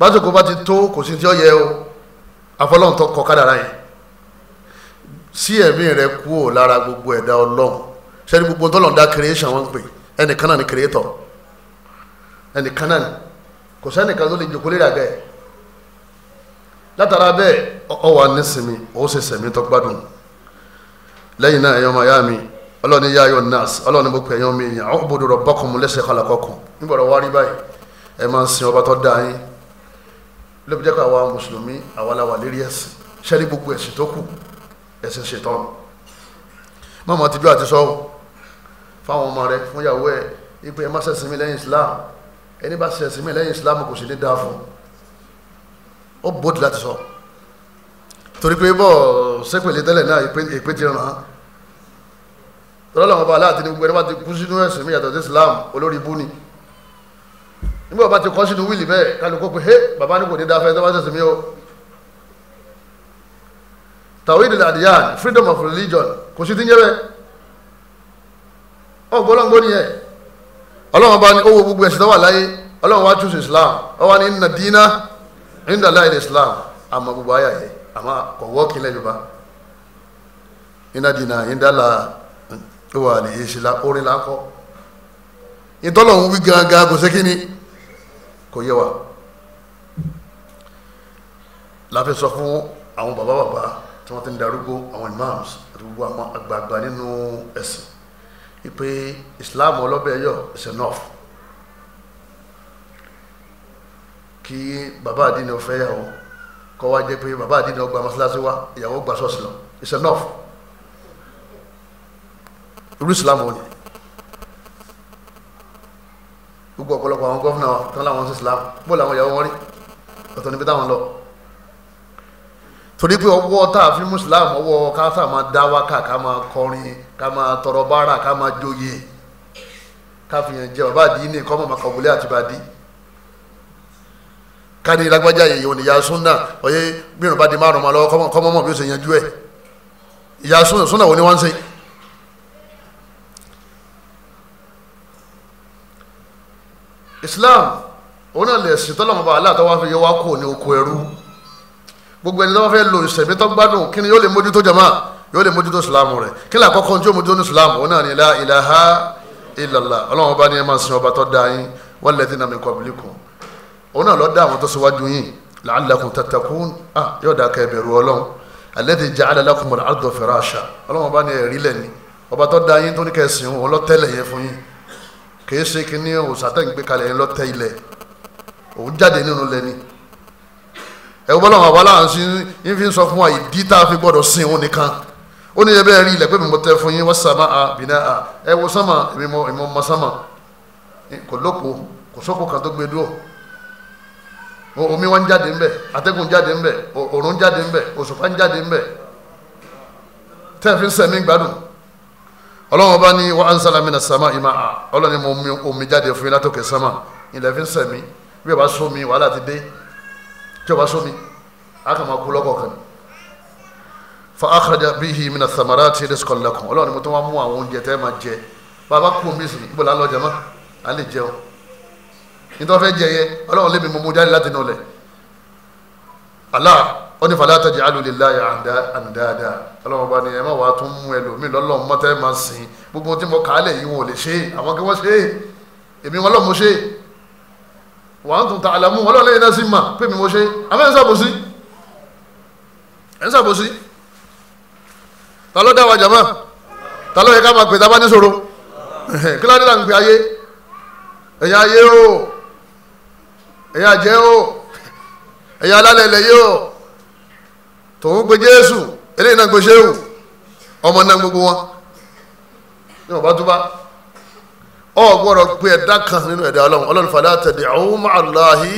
básìkò bá ti tó kò sí tí ó yẹ o afọlọ́run tó kọ kádàrá yẹn sí ẹ̀mí rẹ kú ò lára gbogbo ẹ̀dá ọlọ́run sẹ́ni gbogbo tọ́lọ̀ dá creation wọn pè ẹnìkan náà ni creator ẹnìkan náà ni kò sẹ́nìkan tó lè jòkó lé látara bẹ́ẹ̀ ọ wà nísìmí ó sì sẹ̀mí tó gbádùn lẹ́yìn náà ẹ̀yọ́ màyá mi ọlọ́ni yá ayọ̀ nas ọlọ́ni mo pè ẹ̀yọ́ mi yàn ọ́ bòdò rọ̀ bọ́kùn lẹ́sẹ̀ kọlàkọ́kùn nígbàdàn wá rí báyìí ẹ máa ń sin ọba tó dáa yín ló fi jẹ́ kó àwa mùsùlùmí àwa la wà lérí ẹ̀sìn sẹ́ni gbogbo ẹ̀sìn tó kù ẹ̀sìn ṣètọ́n mọ́mọ́ tìjú àti sọ́wọ́ fáwọn ọmọ rẹ fún yàwó ẹ ipe ẹ má ṣẹ̀sìn mi lẹ́yìn Islam ẹni bá ṣẹ̀sìn mi lẹ́yìn Islam kò sì ní dáa fún un ó bòdì láti sọ torí pé bọ́ sẹ́pẹ̀lẹ̀ tẹ́lẹ̀ náà èpè ti ràn án tọ́lọ́lọ́wọ́ bá aláàtí ní gbogbo ẹni bá ti kú sínú ẹ̀sìn mi yàtọ̀ sí Islam olórí ibú ni nígbà bá ti kọ́ sínú wíìlì bẹ́ẹ̀ kálukó pé hé bàbá ní kò ní dáfẹ́ tó bá ṣẹ̀sìn mi o tawhid al-adiyan freedom of religion kò sí ti ń yẹ bẹ́ẹ̀ ọgbọ́lọ́gbọ́ nìyẹn ọlọ́wọ́n bá ní owó gbogbo ẹ̀sìn tó wà láyé ọlọ́wọ́n wá choose Islam ọwọ́ ní nàdínà nígbà láì islam àmọ́ gbogbo àyà yẹ àmọ́ kò wọ́ọ̀kì lẹ́yìn bá iná dìnnà ìdá la wà ní ìṣìlá orin la kọ́ ìtọ́lọ̀ ń wí gangan kò sé kíni kò yé wa láfi sọ fún àwọn bàbá bàbá tí wọ́n ti ń àwọn imams àti gbogbo àwọn àgbààgbà nínú ẹ̀sìn ìpè islam ọlọ́bẹ̀ yọ is enough. kí bàbá àdínì ó fẹ́ yàwó kọ́ wá jẹ́ pé bàbá àdínì ó gba mọ́sálásí wá ìyàwó gba ṣọ́ọ̀ṣì lọ it's enough irú islam wọn ni gbogbo ọ̀pọ̀lọpọ̀ àwọn gọ́fúnà wa tán láwọn sí islam bóòlù àwọn ìyàwó wọn rí ọ̀tọ̀ níbi táwọn lọ torí pé ọwọ́ tá a fi mú islam ọwọ́ ká sá máa dá wákà ká máa kọrin ká máa tọrọ báárà ká máa joyè ká fi hàn jẹ bàbá àdínì kọ́ mọ̀ màkàbúlé àti bàdí káni lágbájá yìí òní ìyá súnà ọyẹ gbìyànjú bá di márùn ma lọ kọ́mọ́ mọ́ bí ó ṣe yanjú ẹ̀ ìyá súnà súnà wo Islam òun náà lè ṣe tọ́lọ́mọ bá aláàtọ́ wá fi yọ wá kó ní oko ẹrú gbogbo ẹni tó bá fẹ́ lo ìṣẹ̀mí tó gbádùn kí ni yóò lè mójútó jama yóò lè mójútó Islam rẹ̀ kí ni àkọ́kọ́ tí mójútó ní Islam òun náà ní la ilaha illallah ọlọ́run ọba ni ẹ máa sin ọba tó dáa yín walladhina min qablikum òun náà ló dá àwọn tó ṣíwájú yín la'allakum tattaqun ah yóò dá kẹ́ bẹ̀rù ọlọ́run alladhi ja'ala lakumul arda firasha ọlọ́run bá ní ẹ̀rí lẹ́ni ọba tó dá yín tó ní kẹsìn òun lọ́tẹ́lẹ̀ yẹn fún yín kìí ṣe kínní òsàtẹ́yìn gbé kalẹ̀ yẹn lọ́tẹ́ ilẹ̀ òun jáde nínú lẹ́ni ẹ̀wọ́n bọ́lá àwọn abala àǹsí ń fi sọ wa ìdí tá a fi gbọ́dọ̀ sin òun nìkan ó ní ẹbẹ́ rí ilẹ̀ pé mi mọ tẹ fún yín wọ́n sàmà á bìnà á ẹ wo sàmà èmi mọ sàmà kò lóko kò sóko kan tó gbé dúró omi wa ń jáde ńbẹ atẹ́gùn jáde ńbẹ òrùn jáde ńbẹ òṣùpá ń jáde ńbẹ tẹ́ẹ̀fín sẹ̀mí gbádùn ọlọ́run bá ní wa anzala na sama ìmà à ọlọ́run ni mo mi omi jáde fún yín látòkè sama ilẹ̀ fi ń sẹ̀mí bí o bá sómi wàhálà ti dé tí o bá sómi a kà máa kú lọ́kọ̀ọ̀kan fa akhraja bihi mina thamarati rizqan lakum ọlọ́run ni mo tó wá mú àwọn oúnjẹ tẹ́ máa jẹ bàbá kú omi sí ibùdó nítorí fẹ́ jẹ yẹ ọlọ́run lémi mo mú jáde láti nù lẹ̀ Allah ó ní fàlẹ́ àtàjẹ alùlélá àndáadá ọlọ́run bá ní ẹ má wàá tún mú ẹlòmíì lọ́lọ́run mọ́tẹ́ máa sìn gbogbo tí mo kàálẹ̀ yìí wọn ò lè ṣe àwọn kí wọ́n ṣe èmi wọn lọ́mú ṣe wàá tún ta àlàmú wọn lọ́lẹ́yìn náà sì mà pé mi mo ṣe àmọ́ ẹ̀ ń sàbòsí ẹ̀ ń sàbòsí ta ló dá wa jàmá ta ló yẹ ká máa pè tá a bá ní ṣòro kí ló dé là ń pè ayé ẹ̀yà ayé o ẹ̀yin àjẹ́ o ẹ̀yin alálẹ̀ ilẹ̀ yìí o tòun gbé jésù eléyìí náà gbé ṣéwù ọmọ náà gbogbo wọn ní ọba tó bá ọ gbọ́dọ̀ gbé ẹ̀dá kan nínú ẹ̀dá ọlọ́run ọlọ́run fàlẹ́ àtẹ̀dẹ̀ àwọn màláhi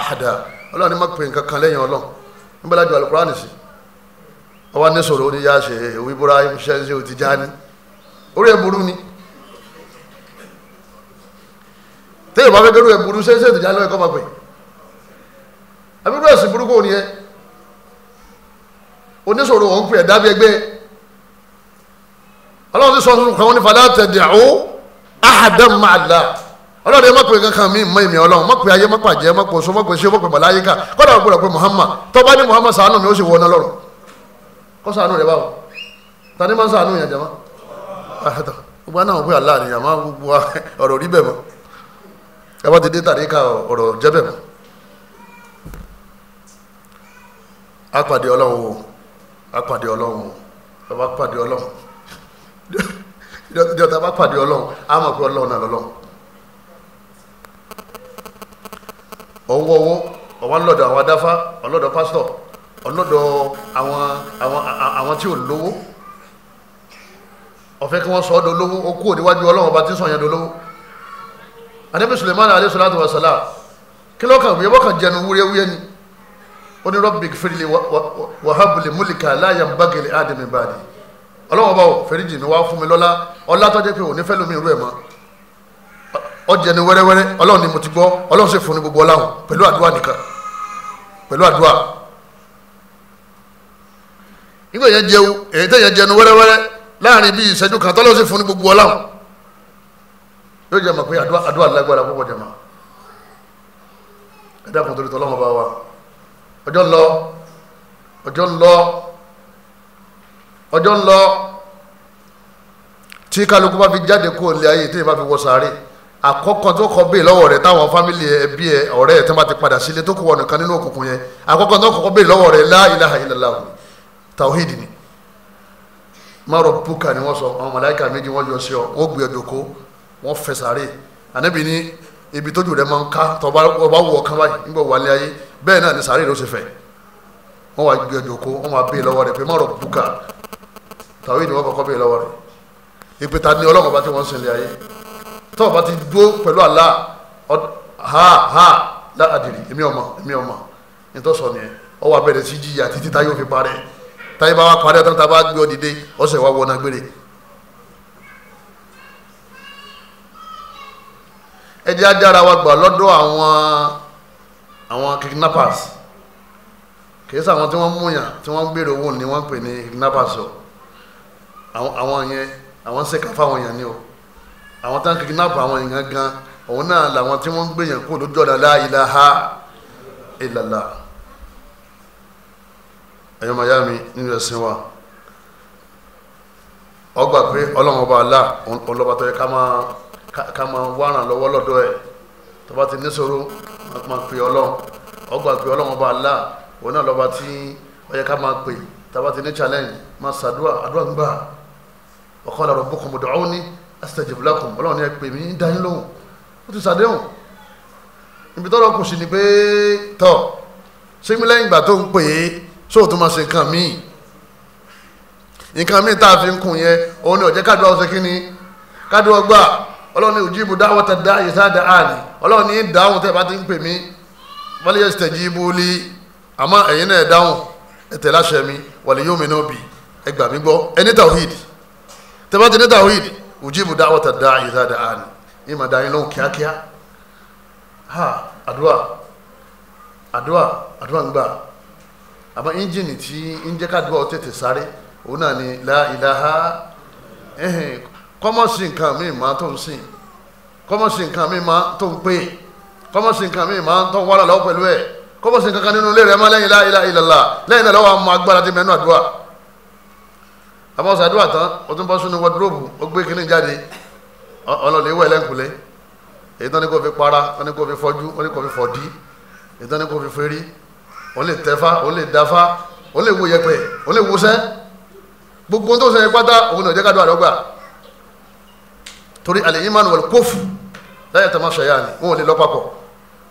àdá ọlọ́run ní má pè nǹkan kan lẹ́yìn ọlọ́run nígbà lájọ alukurani sí ọwọ́ ní sọ̀rọ̀ ó ní yá ṣe ìwé Ibrahim ṣẹ́ńṣe òtijani orí ẹ̀ burú ni. téèyàn bá fẹ́ kẹ́rù ẹ̀ burú ṣé ṣé ìtìjà lọ́wọ́ ẹ̀kọ́ máa pè abirú ẹ̀sìn burúkú òní ẹ oníṣòro wọn ń pè ẹ̀dá bí ẹgbẹ́ ọlọ́run ti sọ fún kan wọn ní fàlà tẹ̀dẹ̀ ó àhàdán máa là ọlọ́run ẹ má pè kankan mi mọ ìmì ọlọ́run má pè ayé má pàjẹ́ má pò so má pè ṣé má pè màláyíká kọ́dà ó gbọ́dọ̀ pé Muhammad tó bá ní Muhammad ṣàánú mi ó sì wọ ọ́nà lọ́rọ̀ kọ́ ṣàánú rẹ báwo tani máa ń ṣàánú yẹn jẹ́ mọ́ gbogbo àná àwọn pé aláàrin àmọ́ gbogbo ọ̀rọ̀ rí bẹ́ẹ̀ mọ́ ẹ bá ti dé tàríkà ọ̀rọ̀ jẹ́bẹ̀ mọ́ a pàdé ọlọ́run o a pàdé ọlọ́run o a bá pàdé ọlọ́run ìjọba bá pàdé ọlọ́run a mọ̀ pé ọlọ́run náà lọ́lọ́run ọwọ́ owó ọwọ́ ńlọ́dọ̀ àwọn adáfá ọlọ́dọ̀ pásítọ̀ ọlọ́dọ̀ àwọn àwọn àwọn tí ò lówó ọ̀fẹ́ kí wọ́n sọ ọ́ dolówó o kúrò níwájú ọlọ́run ọba tí sọ yẹn dolówó anabi suleiman alayhi salatu wa salam kilo kan wiye bọ kan jẹnu wuyewuye ni ó ní rọbì firili wahabuli mulika láyàn bageli adami baadi ọlọ́wọ́n bá wọ fèrèjì mi wá fún mi lọ́lá ọlá tó pé òní fẹ́lómi irú ẹ̀ mọ́ ọjẹ́ ni wẹ́rẹ́wẹ́rẹ́ ọlọ́run ni mo ti gbọ́ ọlọ́run sì fún ni gbogbo ọláhùn pẹ̀lú àdúrà nìkan pẹ̀lú àdúrà nígbà yẹn jẹun èyí tẹ̀yẹ jẹnu wẹ́rẹ́wẹ́rẹ́ láàrin bíi ìṣẹ́jú kan tọ́lọ́run sì fún ni gbogbo ọláhùn yóò jẹ́ mọ̀ pé àdúrà lágbára púpọ̀ jẹ́ mọ́ ẹ̀dá kan torí tọ́lọ́mọ bá wa ọjọ́ ń lọ ọjọ́ ń lọ ọjọ́ ń lọ tí kálukú bá fi jáde kó lé ayé tí ìbá fi wọ sàárè àkọ́kọ́ tó kọ bẹ́ẹ̀ lọ́wọ́ rẹ̀ táwọn fámìlì ẹbí ẹ ọ̀rẹ́ ẹ tó bá padà sílé tó kù wọ̀ nìkan nínú òkùnkùn yẹn àkọ́kọ́ tó kọ bẹ́ẹ̀ lọ́wọ́ rẹ̀ la ilaha illallah tawhid ni má rọ búkà ni wọ́n sọ àwọn màláìka méjì wọ́n yọ sí ọ wọ́n gbé ọdọ̀ wọ́n fẹ́ sáré ànábì ní ibi tójú rẹ̀ máa ń ká tọba ọba wọ̀ kán báyìí nígbà wà ní ayé bẹ́ẹ̀ náà ni sáré ló ṣe fẹ́ wọ́n wá gbé ọjọ́ kó wọ́n wá bẹ́ẹ̀ lọ́wọ́ rẹ̀ pé má rọ̀ bùkà tàwé ni wọ́n kọ́kọ́ bẹ́ẹ̀ lọ́wọ́ rẹ̀ ìpè ta ni ọlọ́run bá ti wọ́n sin lé ayé tọ́wọ́ bá ti dúró pẹ̀lú àlá ha ha láàdìrí èmi ọmọ èmi ọmọ nítòsọ ni ọ wà bẹ̀rẹ̀ sí jìyà títí táyọ̀ fi parẹ́ táyọ̀ bá wà parẹ́ tán a bá gbé ọ dìde ọ̀sẹ̀ wà wọ́n náà ẹ jẹ́ ajára wa gbà lọ́dọ̀ àwọn àwọn kidnappers kìí sọ àwọn tí wọ́n múyàn tí wọ́n ń béèrè owó ni wọ́n ń pè ní kidnappers o àwọn yẹn àwọn ṣèkà fáwọn èèyàn ni o àwọn tí wọ́n kidnap àwọn èèyàn gan òun náà làwọn tí wọ́n ń gbèyàn kó lójú ọ̀dà la ilaha illallah ẹ̀yọ́ màyá mi nínú ẹ̀sìn wa ọgbà pé ọlọ́run ọba àlá ọlọ́ba tó yẹ ká máa ká máa wárán lọ́wọ́ lọ́dọ̀ ẹ̀ tó bá ti níṣòro máa pè ọlọ́run ọgbà pé ọlọ́run ọba àlá òun náà lọ́ba tí ó yẹ ká máa pè tá bá ti ní challenge máa ṣàdúrà àdúrà ń gbà wa qala rabbukum ud'uni astajib lakum ọlọ́run ní ẹ pè mí dá lóhùn ó ti ṣàdéhùn ibi tọ́rọ kù sí ni pé tọ́ ṣé mi lẹ́yìn ìgbà tó ń pè é sóòtú máa ṣe nǹkan míì nǹkan míì tá a fi ń kùn yẹn òun ni ó jẹ́ kádùá ọ̀sẹ̀ kínní kádùá gbà ọlọ́run ní ojú ibu dáwọ́ tẹ dá yìí sáà dá àní ọlọ́run ní dáhùn tẹ́ bá ti ń pè mí wálé yẹn tẹ̀jú ibú lé àmọ́ ẹ̀yin náà dáhùn ẹ̀tẹ̀ láṣẹ mi wàlẹ̀ yóò mi náà bì ẹ gbà mí gbọ́ ẹ ní tawhid tẹ́ bá ti ní tawhid ojú ibu dáwọ́ tẹ dá yìí sáà dá àní ìmọ̀ dá yín lóhùn kíákíá ha àdúrà àdúrà àdúrà ń gbà àmọ́ ẹ́ńjìnì tí ń jẹ́ ká àdúrà ó ni la ilaha kọ́mọ̀sì nǹkan mi máa tó ń sìn kọ́mọ̀sì nǹkan mi máa tó ń pè kọ́mọ̀sì nǹkan mi máa tó ń wá lọ́wọ́ pẹ̀lú ẹ̀ kọ́mọ̀sì nǹkan kan nínú ilé rẹ̀ máa lẹ́yìn la ilaha illallah lẹ́yìn náà lọ́wọ́ àwọn agbára ti mẹ́nu àdúrà àbọ̀ sàdúrà tán o tún bọ́ sínú wọ́dúróòbù ó gbé kínní jáde ọlọ́lẹ̀ ìwọ̀ ẹlẹ́nkùlẹ̀ èyí tán ni kò fi para tán ni gbogbo tó sẹ́yìn pátá òun náà jẹ́ ká dùn àdọ́gbà torí àlè ìmánu wọlé kófù láyé tó máa ṣe yára ni wọn ò lè lọ papọ̀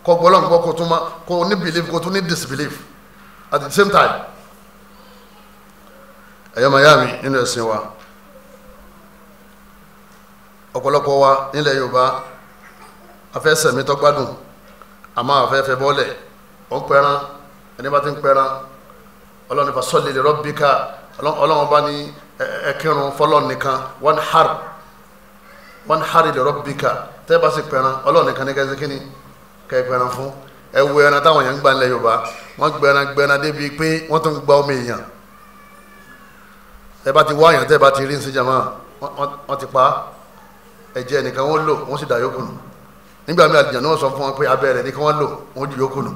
kọ gbọ́lọ́ nǹkan kó tún kó ní belief kó tún ní disbelief at the same time ẹ̀yọ́ màá yá mi nínú ẹ̀sìn wa ọ̀pọ̀lọpọ̀ wa nílẹ̀ Yorùbá afẹ́sẹ̀mí tọ́gbádùn àmọ́ afẹ́fẹ́ bọ́ọ̀lẹ̀ wọ́n pẹ́ran ẹni bá ti ń pẹ́ran ọlọ́run ìfàsọ́lẹ̀ lè rọ́bíkà ọlọ́run bá ní ẹ̀kírun fọlọ́ọ̀ nìkan one harp wọn hali lọrọ bí ká tẹ́ bá sì pẹran ọlọ́run nìkan ní kẹsí kínní kẹ́ pẹran fún ẹ wo ẹran táwọn èèyàn ń gbà ńlẹ̀ yorùbá wọ́n gbẹran gbẹran débi pé wọ́n tún gba ọmọ èèyàn tẹ́ bá ti wá èèyàn tẹ́ bá ti rí nsí jama wọ́n ti pa ẹ̀jẹ̀ nìkan wọ́n lò wọ́n sì dà yókù nù nígbà míì àjàn náà sọ fún wọn pé abẹ́ rẹ̀ nìkan wọ́n lò wọ́n di yókù nù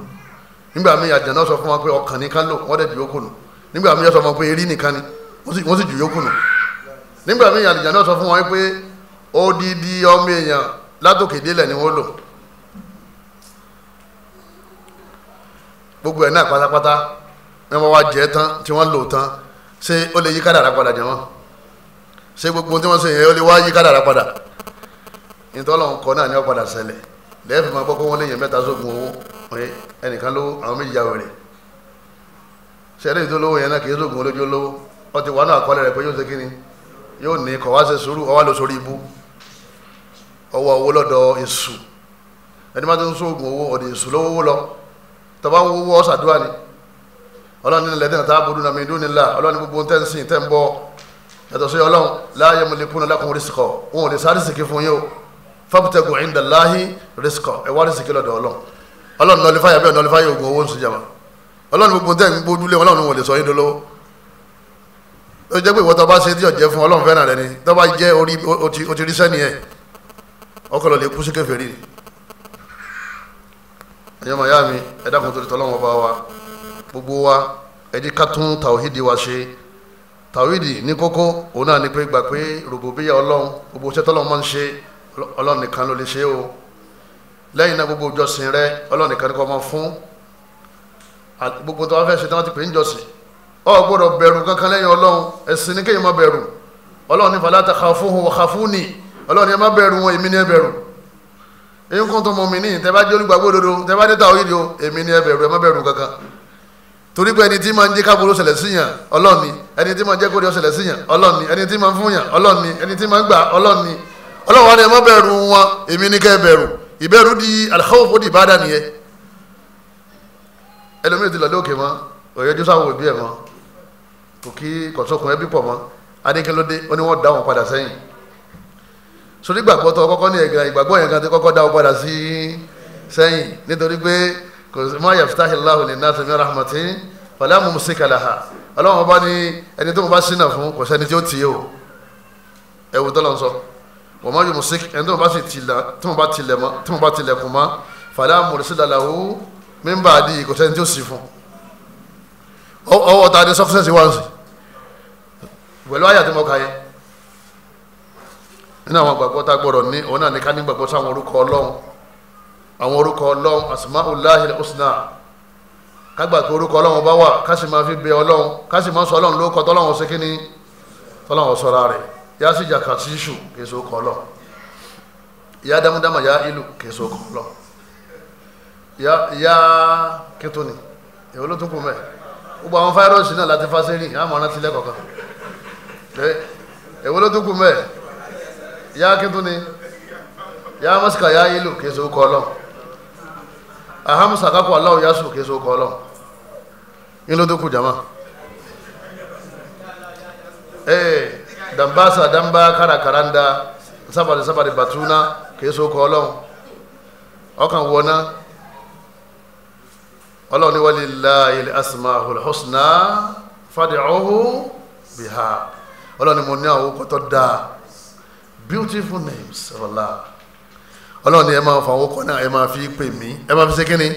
nígbà míì àjàn náà sọ fún wọn pé ọkàn nìkan lò wọ́n dẹ̀ di yókù nù nígbà míì àjàn sọ fún wọn pé erí nìkan ni wọ́n sì ju yókù nù nígbà míì àjàn náà sọ fún wọn pé odidi ọmọ èèyàn látòkè délẹ̀ ni wọ́n lò gbogbo ẹ̀ náà pátápátá ni wọ́n wá jẹ́ tán tí wọ́n lò tán ṣé ó lè yí kádàrá padà jẹ́ wọ́n ṣé gbogbo tí wọ́n ṣe yẹn ó lè wá yí kádàrá padà ìtọ́lọ́hún kọ́ náà ni wọ́n padà ṣẹlẹ̀ lẹ́ẹ̀fì máa gbọ́ pé wọ́n mẹ́ta sógun owó pé ẹnìkan àwọn méjì yà wẹ̀rẹ̀ tó lówó yẹn náà kì í sógun olójú ọwọ́ owó lọ́dọ̀ èṣù ẹni máa tó ń sóògùn owó ọ̀dọ̀ èṣù lọ́wọ́ lọ tọ́ba ń wọ́wọ́ ṣàdúrà ni ọlọ́run nílẹ̀ lẹ́dínà tá a bọ̀ dúnà mí dún nílà ọlọ́run gbogbo ń tẹ́ǹsìn tẹ́ ń bọ́ yàtọ̀ sí ọlọ́run láàyè mo lè kúnná lákùn rìsíkọ̀ wọn ò lè sáré sìkì fún yín o fábùtẹ́gùn ẹ̀ńdà láàyè rìsíkọ̀ ẹ̀ wá rìsíkì lọ́dọ̀ ọlọ́run ọlọ́run nọlifá yàbí ọ̀nọlifá yóò gun owó ń sùn jàmá ọlọ́run gbogbo tẹ́ ń gbójúlé ọlọ́run wọn lè sọ yín dolówó ó jẹ́ pé ìwọ tó bá ṣe tí ọ̀jẹ́ fún ọlọ́run fẹ́ràn rẹ ni tó bá jẹ́ orí o ti rí sẹ́ni ọkọlọ lè kú sí kèfèrí ẹ̀yọ́ màá yá mi ẹ dákun torí tọ́lọ́wọ́n bá wa gbogbo wa ẹ jẹ́ ká tún tàwídìí wa ṣe tàwídìí ní kókó òun náà ni pé gbà pé rògbòbíyà ọlọ́run gbogbo iṣẹ́ tọ́lọ́run máa ń ṣe ọlọ́run nìkan ló lè ṣe o lẹ́yìn náà gbogbo ìjọsìn rẹ ọlọ́run nìkan ni kò máa fún gbogbo tó wá fẹ́ ṣe tí wọ́n ti pè ń jọsìn ọ gbọ́dọ̀ bẹ̀rù kankan lẹ́yìn ọlọ́run ẹ̀sìn ní kéèyàn máa bẹ̀rù ọlọ́run ní falata khafuhu wa khafuni ọlọ́run ni ẹ má bẹ̀rù wọn èmi ni ẹ bẹ̀rù eyín kan tó mọ mi níyìn tẹ́ bá jẹ́ olùgbàgbọ́ òdodo tẹ́ bá níta òyìnbó èmi ni ẹ bẹ̀rù ẹ má bẹ̀rù kankan torí pé ẹni tí máa ń jẹ́ káàbùrú ṣẹlẹ̀ síyàn ọlọ́run ni ẹni tí máa ń jẹ́ kórè ṣẹlẹ̀ síyàn ọlọ́run ni ẹni tí máa ń fúnyàn ọlọ́run ni ẹni tí máa ń gbà ọlọ́run ni ọlọ́run wa ni ẹ má bẹ̀rù wọn èmi ni kẹ́ ẹ bẹ̀rù ìbẹ̀rù di al-khawf di ìbáda nìyẹn ẹlòmíì ti lọ lókè mọ́ òyìnbó sáwọn òbí ẹ̀ mọ́ kò kí kọ̀tọ́kùn ẹbí pọ̀ mọ́ adékèlódé ó ní wọ́n dá wọn padà sẹ́yìn sórí gbàgbọ́ tó kọ́kọ́ ní ẹ̀gàn ìgbàgbọ́ yẹn kan ti kọ́kọ́ dá o padà sí sẹ́yìn nítorí pé kò sí má yaftahi Allahu linnasi min rahmati fala mumsika laha ọlọ́run bá ní ẹni tó ń bá ṣìnà fún kò sẹ́ni tí ó tì í o ẹ̀wù tó lọ sọ wọ́n má yumsik ẹni tó ń bá sì tilẹ̀ tó ń bá tilẹ̀ mọ́ tó ń bá tilẹ̀kùn mọ́ fala mursila lahu min ba'di kò sẹ́ni tí ó sì fún ọwọ́ ta ni sọ́kúsẹ́sì wá sí pẹ̀lú àyà tí mo kà yẹn nínú àwọn gbàgbọ́ tá a gbọ́dọ̀ ní òun náà ní ká ní gbàgbọ́ sí àwọn orúkọ ọlọ́run àwọn orúkọ ọlọ́run asma'ullahi al-husna kágbà pé orúkọ ọlọ́run bá wà ká sì máa fi bẹ ọlọ́run ká sì máa sọ ọlọ́run ló kọ tọ́lọ́run ṣe kíní tọ́lọ́run sọ́ra rẹ̀ yá sì jàkà sí iṣu kèso kọ lọ yá dámúdámà yá ìlú kèso kọ lọ yá yá kẹtọ́ni èwo ló tún kù mẹ́ gbogbo àwọn fáírọ́ọ̀sì náà láti fásẹ́rìn àmọ́ ọ̀nà tilẹ̀ kọ̀ọ̀kan èwo ló tún kù mẹ́ ìyá akíntún ni ìyá amásíkà ìyá yélo kìí so kọ́ ọlọ́run ahamusa kakọ aláwọ̀ yasù kìí so kọ́ ọlọ́run yín ló tó kù jama ee dambasa damba karakaranda sábàdì sábàdì batuna kìí so kọ́ ọlọ́run ọkàn wọná ọlọ́run ni walillahi al-asma'ul husna fad'uhu biha ọlọ́run ni mo ní àwọn kọ́tọ́ beautiful names of Allah ọlọ́run ni ẹ máa fọ àwọn ọkọ náà ẹ máa fi pè mí ẹ máa fi ṣe kínní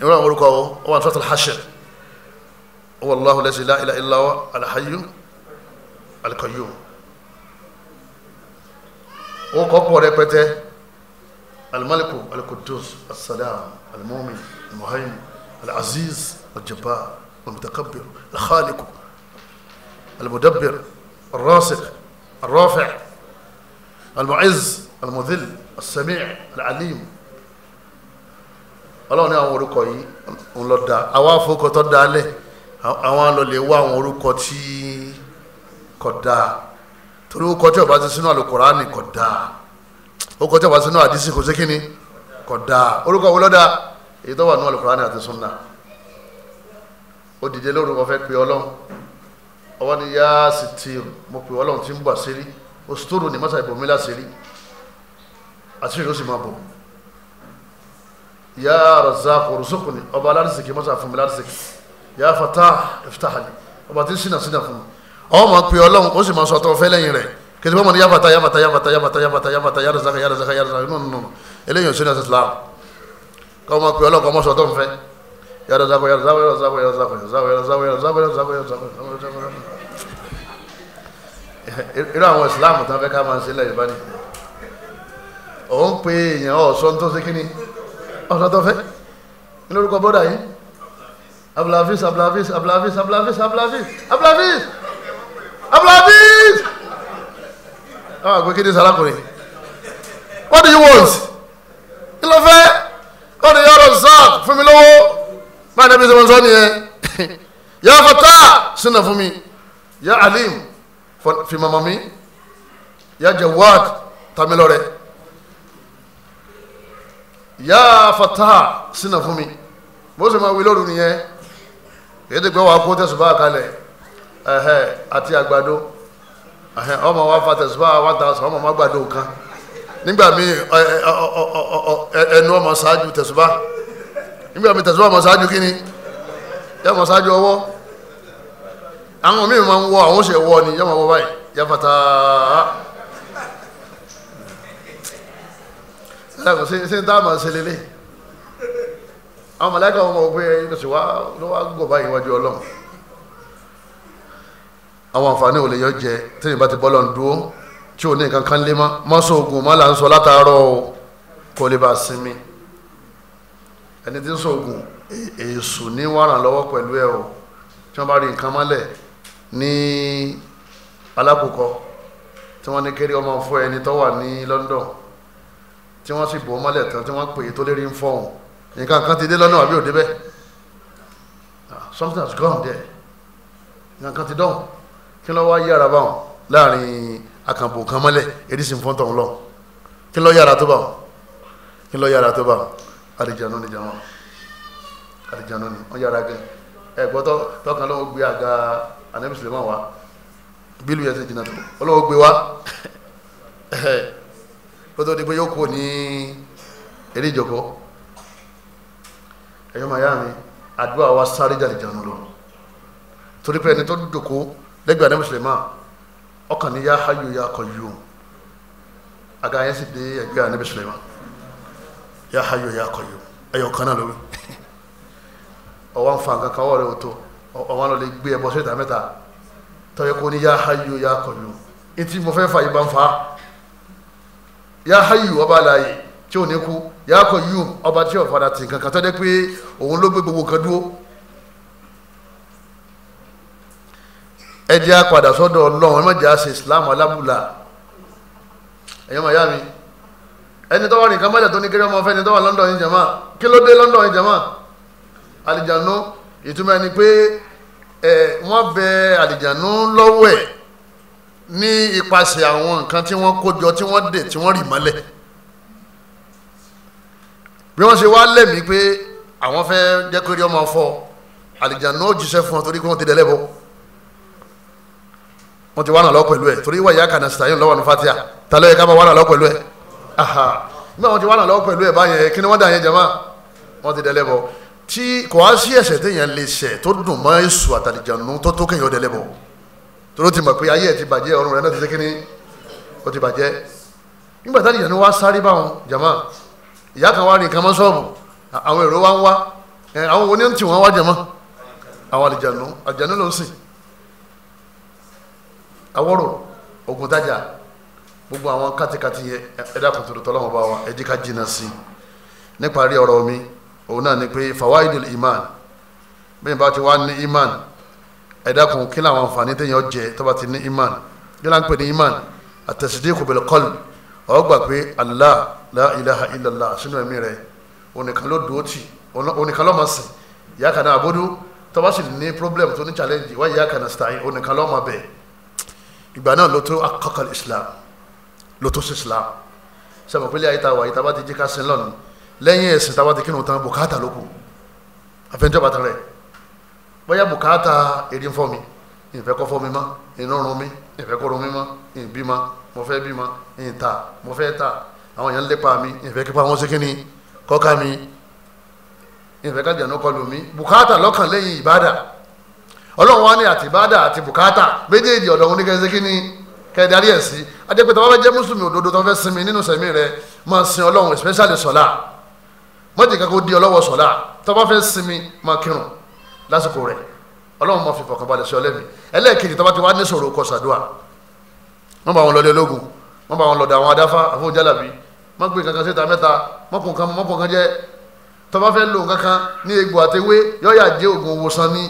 ìwúrọ̀ àwọn orúkọ ọ wà suratul Hashr ó wà lọ́hùn lẹ́sìn la ilaha illa huwa al-hayyu al-qayyum ó kọ́ pọ̀ rẹpẹtẹ al-maliku al-quddus as-salam al-mu'min al-muhaymin al-aziz al-jabbar al-mutakabbir al-khaliq al-mudabbir الرافع المعز المذل السميع العليم ọlọ́run ní àwọn orúkọ yìí ń lọ da àwa àfọkọ tó da alẹ́ àwọn àlọ́lẹ̀ wá àwọn orúkọ tí kò da torí orúkọ tí ó bá ti sínú àlùkùránì kò da orúkọ tí ó bá sínú àdísì kò sí kò da orúkọ wo lọ́dà èyí tó wà nínú àlùkùránì àti sunna ó dìde lórúkọ fẹ́ pe ọlọ́run ọwọ́ ni yá sí ti mo pè ọlọ́run tí ń bọ̀ àṣírí òṣìṣòro ní mọ́sá ìbòmí láṣírí àṣírí ó sì máa bọ̀ yá razaq urzuqni ọba alárísìkì mọ́sá fún mi alárísìkì yá fatah iftah li ọba tí ń ṣìnà ṣìnà fún mi ọwọ́ máa pè ọlọ́run ó sì máa sọ ọtọ́ fẹ́ lẹ́yìn rẹ̀ kìtìbọ́ mọ̀ ní yá fatah yá fatah yá fatah yá fatah yá fatah yá fatah yá razaq yá razaq yá razaq nù nù irú àwọn islam tán fẹ́ ká máa ṣe lẹ́yìn bá ní òun pe èèyàn ọ̀sán tó ṣe kí ni ọ̀sán tó fẹ́ ní lórúkọ bọ́dà yìí abdulhafiz abdulhafiz abdulhafiz abdulhafiz abdulhafiz abdulhafiz abdulhafiz àwọn àgbẹ̀ kéde sàlákùnrin what do you want kí ló fẹ́ ó ní yọrọ zak fún mi lówó máa dẹ́bi sọ́mọ́sọ́ nìyẹn yà fọ́tà sínú fún mi yà alim fimamami ya jawad tamilọrẹ ya fataha sina fún mi bó sì máa wí lóru nìyẹn èyí ti gbé wa kó tẹ̀sùbá kalẹ̀ ẹ̀hẹ́ àti àgbàdo ẹ̀hẹ́ ọmọ wa fa tẹ̀sùbá wa ta ọmọ wa gbàdo kan nígbà míì ẹnu ọmọ ṣáájú tẹ̀sùbá nígbà míì tẹ̀sùbá ọmọ ṣáájú kínní yẹ ọmọ ṣáájú ọwọ́ àwọn míì máa ń wọ àwọn ṣe wọ ni yọ máa wọ báyìí yafata ṣe ṣe ṣe dáàmà ṣe lélẹ̀ àwọn mọ̀lẹ́kà wọn mọ̀ pé inú sì wá ló wá gò báyìí wájú ọlọ́run àwọn àǹfààní ò lè yọ jẹ tẹ́yìn bá ti bọ́ lọ́n dúró tí ò ní nǹkan kan lé mọ́ mọ́sọ̀ ogun mọ́ là ń sọ látàárọ̀ o kò lè bá a sinmi ẹni tí ń sọ ogun ní wàràn lọ́wọ́ pẹ̀lú ẹ o tí wọ́n bá rí nǹkan mọ́lẹ̀ ní alákòókò tí wọ́n ní kéré ọmọ fún ẹni tó wà ní London tí wọ́n sì bò ó mọ́lẹ̀ tán tí wọ́n pè é tó lérí ń fọ̀hún nǹkan kan ti dé lọ́nà àbí òde bẹ́ẹ̀ ah, something has gone there nǹkan kan ti dọ̀hún kí ló wá yára báwọn láàrin akànbò kan mọ́lẹ̀ èdè sì ń fọ́n tọ̀hún lọ kí ló yára tó báwọn kí ló yára tó báwọn àdìjànú ni jàmọ́ àdìjànú ni wọ́n yára gan ẹ̀gbọ́n tọ́kàn ló gbé àga anabi suleman wa bílù yẹn ṣe jìnnà tó ọlọ́wọ́ gbé wa kótó di pé yóò kó ní eré ìjọkọ ẹ̀yọ́ màá yá mi àdúrà wa sáré jáde jẹun lọ torí pé ẹni tó dòkó lẹ́gbẹ̀ẹ́ anabi suleman ọkàn ní yá hayyu yá qayyum àga yẹn sì dé ẹgbẹ́ anabi suleman yá hayyu yá qayyum ẹ̀yọ̀ kan náà lórí <laughs> ọwọ́ nfa nǹkan kan ọwọ́ rẹ̀ tó ọ̀wọ́n lọ lè gbé ẹbọ sí ìta mẹ́ta tọ́yẹ kó ní yá hayyu yá kọ̀yù etí mo fẹ́ fà yìí bá ń fa yá hayyu ọba àlàyé tí ò ní kú yá kọ̀yù ọba tí ò fara tì kankan tọ́jẹ́ pé òun ló gbé gbogbo kan dúró. ẹ jẹ́ àpàdà sọ́dọ̀ ẹ má jẹ́ àṣẹ islam alábùlà ẹ̀yọ́ màá yá mi ẹni tó wà nìkan mọ́jà tó ní kéré ọmọ fẹ́ ẹni tó London yìí jẹ̀mọ́ kí ló dé London yìí jẹ̀mọ́ ìtumọ̀ ni pé ẹ wọ́n bẹ àlìjànú lọ́wọ́ ẹ̀ ní ipasẹ̀ àwọn nǹkan tí wọ́n kó jọ tí wọ́n dè tí wọ́n rì mọ́lẹ̀ bí wọ́n ṣe wá lẹ́mìí pé àwọn fẹ́ jẹ́ kó ọmọ fọ́ àlìjànú jíṣẹ́ fún ọ torí pé wọ́n ti dẹ́lẹ́bọ̀ wọ́n ti wá nàlọ́ pẹ̀lú ẹ̀ torí wọ́n ìyá kàná sàyẹn lọ́wọ́ ní fatia ta ló yẹ ká máa wá nàlọ́ pẹ̀lú ẹ̀ aha nígbà wọ́n ti wá nàlọ́ pẹ̀lú ẹ̀ báyẹn kí ni wọ́n dà yẹn jẹ máa wọ́n ti dẹ́lẹ́bọ̀ tí kò wá sí ẹ̀ṣẹ̀ téèyàn lè ṣẹ̀ tó dùn mọ́ èṣù àtàlìjànú tó tó kéèyàn délé bọ̀ tóró ti mọ̀ pé ayé ẹ̀ ti bàjẹ́ ọ̀run rẹ̀ náà ti ṣe kíní ó ti bàjẹ́ nígbà tá àlìjànú wá sáré báwọn jàmá ìyá kan wá rìn kan mọ́ ṣọ́ọ̀bù àwọn èrò wá ń wá àwọn oní tí wọ́n wá jàmá àwọn àlìjànú àlìjànú ló ń sìn awọ́rò ogun tájà gbogbo àwọn kátikati yẹn ẹ̀dá kòtòdó tọ́lọ́mọba wa ẹ̀dí ká jìnnà sí níparí ọ̀rọ̀ mi òun náà ni pé fawaidul iman bẹ́ẹ̀ bá ti wá ní iman ẹ dákun kí làwọn àǹfààní téèyàn jẹ tó bá ti ní iman kí là ń pè ní iman at-tasdiqu bil qalb ó gbà pé allah la ilaha illallah sínú ẹ̀mí rẹ̀ onìkan ló dúró tì onìkan ló máa sìn ìyá kan náà abódú tó bá sì ní problem tó ní challenge wáyé ìyá kan náà stain onìkan ló máa bẹ̀ ìgbà náà ló tó akọ́kọ́ islam ló tó sí islam sẹ́wọ̀n pélé ayé ta wà yìí ta bá ti lẹ́yìn ẹ̀sìn táwa ti kírun tán bùkátà ló kù àfẹnjọba tán rẹ̀ bóyá bùkátà èdè ń fọ́ mi ìfẹ́ kọ́ fọ́ mi mọ́ ìnárun mi ìfẹ́ kọ́ run mi mọ́ ìbímọ mo fẹ́ bímọ ìta mo fẹ́ ta àwọn èèyàn ń lépa mi ìfẹ́ kípa wọn ṣe kíni kọ́ka mi ìfẹ́ kájànú kọlù mi bùkátà lọ́kàn lẹ́yìn ìbádà ọlọ́run wa ní àti ìbádà àti bùkátà méjèèjì ọ̀dọ̀ òun ní kẹ́sẹ́ kíni kẹ́ẹ̀dárí ẹ̀ sí adépẹ́tà wọn fẹ́ jẹ́ mùsùlùmí òdodo tó fẹ́ sinmi nínú sẹ̀mí rẹ̀ máa sin ọlọ́run especially sọ̀lá mọ́tì kankan di ọlọ́wọ́ sọ̀la tọ́ba fẹ́ sinmi máa kírun lásìkò rẹ̀ ọlọ́run máa fi fọkànbalẹ̀ sí ọlẹ́mi ẹlẹ́ẹ̀kejì tọ́ba ti wá ní sọ̀rọ̀ kọ́sàdúà wọ́n bá wọn lọ́dẹ ológun wọ́n bá wọn lọ́dẹ àwọn adáfá àfọwọ́ jálàbí wọ́n gbé kankan síta mẹ́ta mọ́kùn kan mọ́kùn kan jẹ́ tọ́ba fẹ́ lò kankan ní egbò àtẹwé yọ́ọ̀yà jẹ́ ògùn òwòsàn ni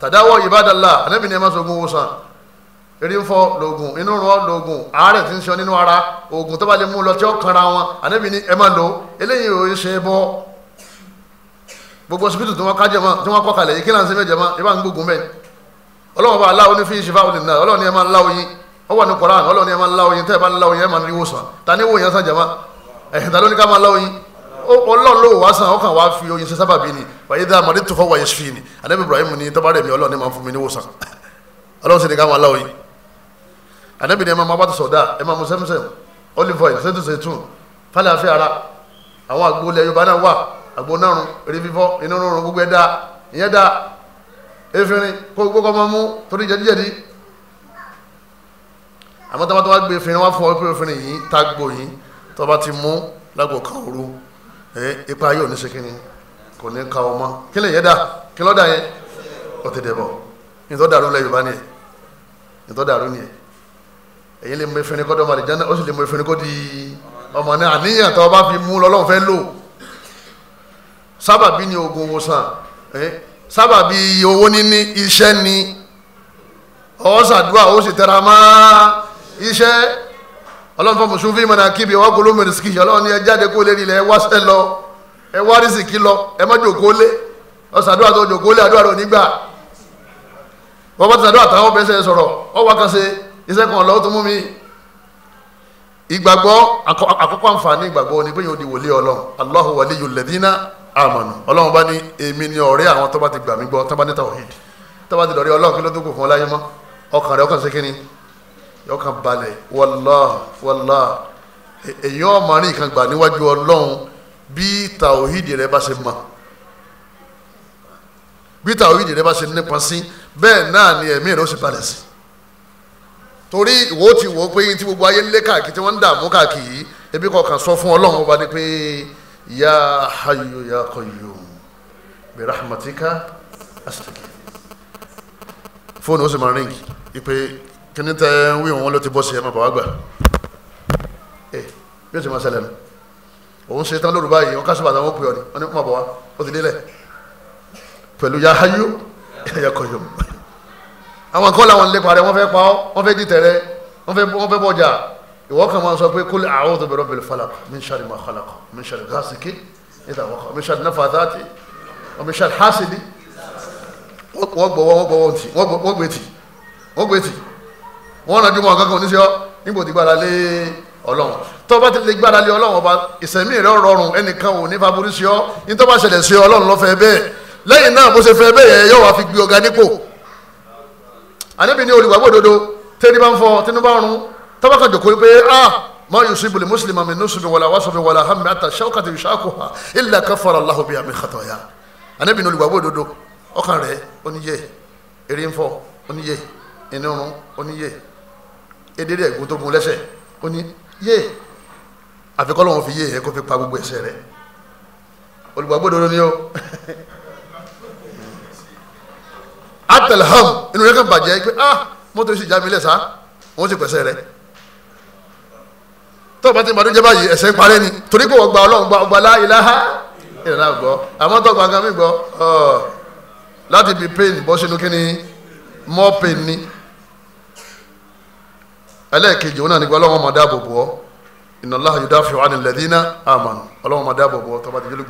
tàdáwọ̀ ìbádàlá ànábìnrin ẹ̀ máa sọ ògùn òwòsàn eré ń fọ lóògùn inú rọ lóògùn àárẹ̀ tí ń sọ nínú ara oògùn tó bá lè mú lọ tí ó kanra wọn ànábì ni ẹ máa lò eléyìí ò ṣe bọ gbogbo síbítù tí wọ́n kájọ mọ́ tí wọ́n kọ́ kalẹ̀ yìí kí náà ń ṣe mẹ́jọ mọ́ ibà ń gbógun mẹ́ ọlọ́wọ́n bá aláwo ní fíìsì fáwọn ènìyàn ọlọ́wọ́n ni ẹ máa ń láwo yín ó wà ní koran ọlọ́wọ́n ni ẹ máa ń láwo yín tẹ́ ẹ máa ń láwo yín ẹ máa ń rí wòsàn ta ni wò yẹn sàn jama ẹ̀hìn ta ló ní ká máa láwo yín ọlọ́run ló wà sàn ọkàn wá fi oyin ṣe sábàbí ni wàyí dá àmàlẹ́ tó fọ́ wàyí ṣì ni ànábì Ibrahim ni tọ́ba rẹ̀ mi ọlọ́run ni máa ń fún mi ní wòsàn <laughs> ọlọ́run sì ní ká máa láwo yín anabi ni ẹ máa mú abátò sọ̀dá ẹ máa mú sẹ́mùsẹ́mù olive oil ṣètò ṣètùn fàlàfẹ́ ara àwọn àgbo ilẹ̀ yorùbá náà wà àgbo nárun eré fífọ́ inú rúnrún gbogbo ẹ̀ dáa ìyẹn dáa efirin kó gbogbo kọ́ máa mú torí jẹ̀díjẹ̀dí àmọ́ tó bá tó bá gbé efirin wá fún ọ pé efirin yìí tá a gbò yìí tó bá ti mú lágbo kan òru ẹ ipa yóò ní ṣèkínni kò ní ka ọmọ kí lè yẹ dá kí lọ́dà yẹn ọ̀tẹ̀dẹ̀bọ̀ ìtọ́dàrú lẹ yorùbá ni ẹ̀ ìtọ́dàrú ni ẹ̀ èyí lè mú efinrin kọ́ dọ́mọ àlìjáná ó sì lè mú efinrin kọ́ di ọmọ náà àníyàn tó bá fi mú lọ́lọ́run fẹ́ lò sábàbí ni oògùn òwòsàn sábàbí owó níní iṣẹ́ ni ọwọ́ sàdúrà ó sì tẹra mọ́ iṣẹ́ ọlọ́run fún mùsùlùmí fi mọ̀nà kíbi ọwọ́ kolo mẹ́rìsìkì ọlọ́run ni ẹ jáde kó lé nílẹ̀ ẹ wá sẹ́ lọ ẹ wá rìsìkì lọ ẹ má jòkó ọ̀sàdúrà tó jòkó àdúrà rẹ̀ nígbà wọ́n ti sàdúrà táwọn bẹ́sẹ̀ sọ̀rọ̀ ọ wá kan ṣe iṣẹ́ kan lọ́wọ́ tó mú mi ìgbàgbọ́ àkọ́kọ́ àǹfààní ìgbàgbọ́ ni bẹ́ẹ̀ yóò di wòlíì ọlọ́run Allahu waliyul ladina amanu ọlọ́run bá ní èmi ni ọ̀rẹ́ àwọn tó bá ti gbà mí gbọ́ tó bá ní tawhid tó bá ti dọ̀rẹ́ ọlọ́run kí ló dúkù fún ọláyé mọ́ ọkàn rẹ̀ ọkàn ṣe kíni ọkàn balẹ̀ wallahi wallahi èyí ọmọ rìn kan gbà níwájú ọlọ́run bí tawhid rẹ bá ṣe mọ́ bí tawhid rẹ bá ṣe nípa sí bẹ́ẹ̀ náà ni ẹ̀mí rẹ ó ṣe balẹ̀ sí torí ìwọ ti wọ pé tí gbogbo ayé ń lé káàkiri tí wọ́n ń dààmú káàkiri ebi kọkàn sọ fún ọlọ́run ọba ni pé ya hayyu ya qayyum bi rahmatika astaghi fóònù ó sì máa ríngì ìpè kíní tẹ ń wí wọn ló ti bọ́ sí ẹ máa bà wá gbà ẹ bí ó ti máa ṣẹlẹ̀ nù òun ṣe tán lóru báyìí wọn kásìbà táwọn pè ọ ni wọn ní kó máa bọ̀ wá ó ti délẹ̀ pẹ̀lú ya hayyu ya qayyum àwọn kan làwọn lépa rẹ wọ́n fẹ́ pa ọ́ wọ́n fẹ́ dìtẹ̀ rẹ wọ́n fẹ́ wọ́n fẹ́ bọjà ìwọ kan máa sọ pé kul a'udhu bi rabbil falaq min sharri ma khalaq min sharri ghasiqin idha waqa min sharri nafathati wa min sharri hasidi wọ́n gbọ́wọ́ wọ́n gbọ́wọ́ ntì wọ́n gbé tì wọ́n gbé tì wọ́n rànjú mọ́ kankan oníṣẹ́ nígbò tí gbára lé ọlọ́run tó bá ti lè gbára lé ọlọ́run ọba ìsẹ̀mí rẹ̀ rọrùn ẹnìkan ò ní faburú sí ọ ní tó bá ṣẹlẹ̀ sí ọlọ́run ló fẹ́ bẹ́ẹ̀ náà bó ṣe fẹ́ bẹ́ẹ̀ yóò wá fi gbé ọ̀gá nípò anabi ní olùgbàgbọ́ òdodo tẹ́lẹ̀ bá ń fọ tẹ́lẹ̀ bá ń rún tọ́ba kan jòkó pé ah ma yusibu li muslima min nusubi wala wasabi wala hammi ata shawkati yushakuha illa kafara allahu biha min khataya anabi ní olùgbàgbọ́ òdodo ọkàn rẹ̀ oníyẹ eré ń fọ oníyẹ ìnirun oníyẹ edere ẹ̀gún tó gun lẹ́sẹ̀ oníyẹ àfikọ́ lọ́wọ́ fi yé ẹ̀ kó fi pa gbogbo ẹ̀ṣẹ̀ rẹ̀ olùgbàgbọ́ òdodo ni ó <laughs> atalham inú rẹ̀ kàn bàjẹ́ pé ah mọ́tò sì já mi lẹ̀ sá wọ́n ti pẹ̀sẹ̀ rẹ̀ tó o bá ti bàdújẹ́ báyìí ẹ̀sẹ̀ ń parẹ́ ni torí pé wọ́n gba ọlọ́run gba ọgbà láìláha ìrìnà gbọ́ àmọ́ tó gbàngàn gbọ́ láti bi pain bọ́ sínú kí ni more pain ni ẹlẹ́ẹ̀kejì òun náà ni pé ọlọ́run máa dáàbò bò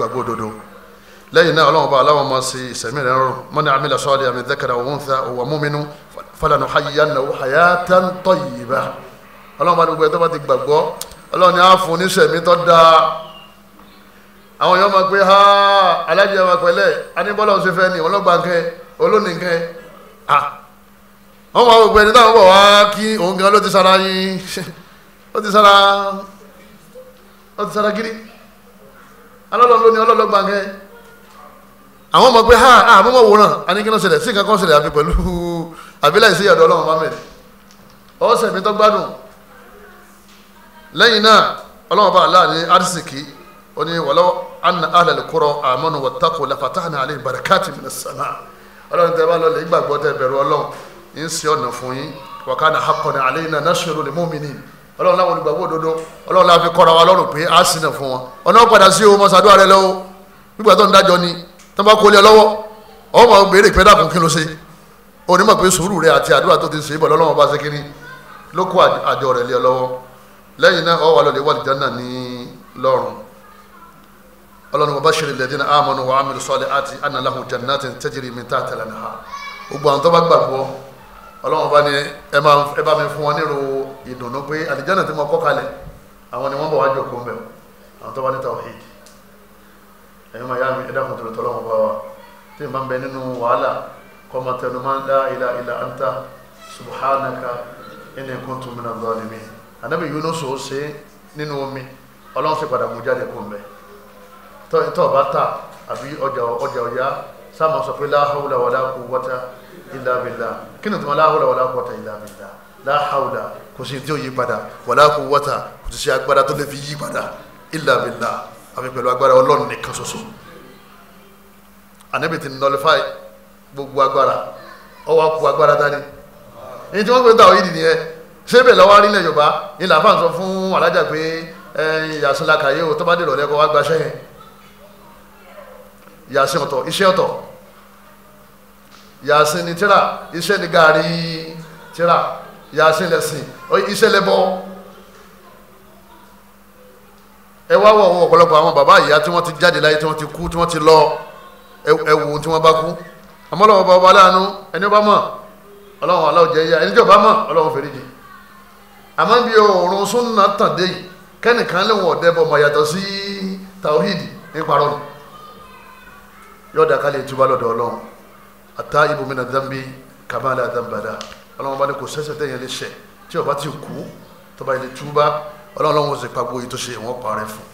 ọ́ lẹ́yìn náà ọlọ́run bá aláwọ̀ máa ṣe ìsẹ̀mí rẹ̀ rọrùn mọ́ni amílẹ̀ sọ́ọ́lì àmì dẹ́kẹ̀rẹ̀ òun ta òwò múminú falanu hayyannahu hayatan tayyiba ọlọ́run bá gbogbo ẹ̀ tó bá ti gbàgbọ́ ọlọ́run ni á fún ní sẹ̀mí tó dáa àwọn èèyàn máa pé ha alájẹ wa pẹ̀lẹ́ aníbọ́lọ́ ṣe fẹ́ ni ọlọ́gbà nkẹ́ olónìkẹ́ wọ́n máa gbogbo ẹni táwọn <laughs> àwọn ọmọ pé ha ha mọ́mọ́ wòran aníkínà ṣẹlẹ̀ sí nǹkan kan ṣẹlẹ̀ àfi pẹ̀lú àbílẹ̀ ìṣe ọ̀dọ̀ ọlọ́run bá mẹ́rin ọ̀sẹ̀ mi tó gbádùn lẹ́yìn náà ọlọ́run bá aláàlẹ́ arísìkì ó ní walaw anna ahlal qura amanu wattaqu lafatahna alayhim barakatin minas sama ọlọ́run tẹ́ bá lọ lè gbàgbọ́ tẹ́ bẹ̀rù ọlọ́run ń ṣe ọ̀nà fún yín wa kana haqqan alayna nashrul mu'minin ọlọ́run láwọn olùgbàgbọ́ òdodo ọlọ́run láfi kọ́ra tó bá kólé ọlọ́wọ́ ọmọ àwọn béèrè pé dàkún kí ló ṣe onímọ̀ pé sùúrù rẹ àti àdúrà tó ti ṣe bọ̀ lọ́wọ́ bá ṣe kí ni ló kó àjọ rẹ̀ lé ọlọ́wọ́ lẹ́yìn náà ọwọ́ alọ́lẹ̀ wà lìjánà ní lọ́rùn ọlọ́run bàbá ṣe lè dín àmọ́nù wa amílù sọ́ọ̀lẹ̀ àti ànàláhùn jannati tẹ́jìrì mi tá àtẹ̀lẹ̀ nìha gbogbo àwọn tó bá mi fún wọn nírò ìdùnnú ẹ̀yin máa yá mi ẹ̀dá kan tó lè tọ́lọ́wọ́ bá wa tí n bá ń bẹ nínú wàhálà kọ́mọ tẹnu máa ń dá ilà ilà anta subhanaka inni kuntu minaz zalimin ànábì Yunus ó ṣe nínú omi ọlọ́run sì padà mú jáde kó mbẹ tọ́ ọba ta àbí ọjà ọjà ọ̀yá sáà máa sọ pé wala quwwata illa billah kí tuma la wala quwwata illa billah la hawla tí ó yí padà wala quwwata kò sí tó lè fi yí padà illa billah àfi pẹ̀lú agbára ọlọ́run nìkan ṣoṣo ànábì ti nọlifáì gbogbo agbára ọwọ́ kú agbára dání èyí tí wọ́n pè ń ta òyìn nìyẹn ṣé bẹ́ẹ̀ lọ́wọ́ arílẹ̀ yorùbá ni làáfàá ń sọ fún alájà pé yàsìn làkàyé o tó bá dé ìrọ̀lẹ́ yẹn yàsìn ọ̀tọ̀ iṣẹ́ ọ̀tọ̀ yàsìn ni tíra iṣẹ́ ni gàrí tíra yàsìn lẹ̀sìn iṣẹ́ lẹ́bọ̀ọ́ ẹ wá wọ àwọn ọ̀pọ̀lọpọ̀ àwọn bàbá ìyá tí wọ́n ti jáde láyé tí wọ́n ti kú tí wọ́n ti lọ ẹ wò tí wọ́n bá kú àmọ́ lọ́wọ́ bàbá aláàánú ẹni ọba mọ̀ ọlọ́run aláwọ̀jẹ́ yá ẹni tí ọba mọ̀ ọlọ́run fèrèjì àmọ́ bí òòrùn súnà tàdé yìí kẹ́nìkan lè wọ̀n ọ̀dẹ́ bọ̀ mọ̀ yàtọ̀ sí tàwíìdì níparọ́ ni yọ̀ọ̀dà ká lè túbọ̀ lọ́dọ̀ ọlọ́run àtá ọlọ́run sì pa gbogbo yìí tó ṣe wọ́n parẹ́ fún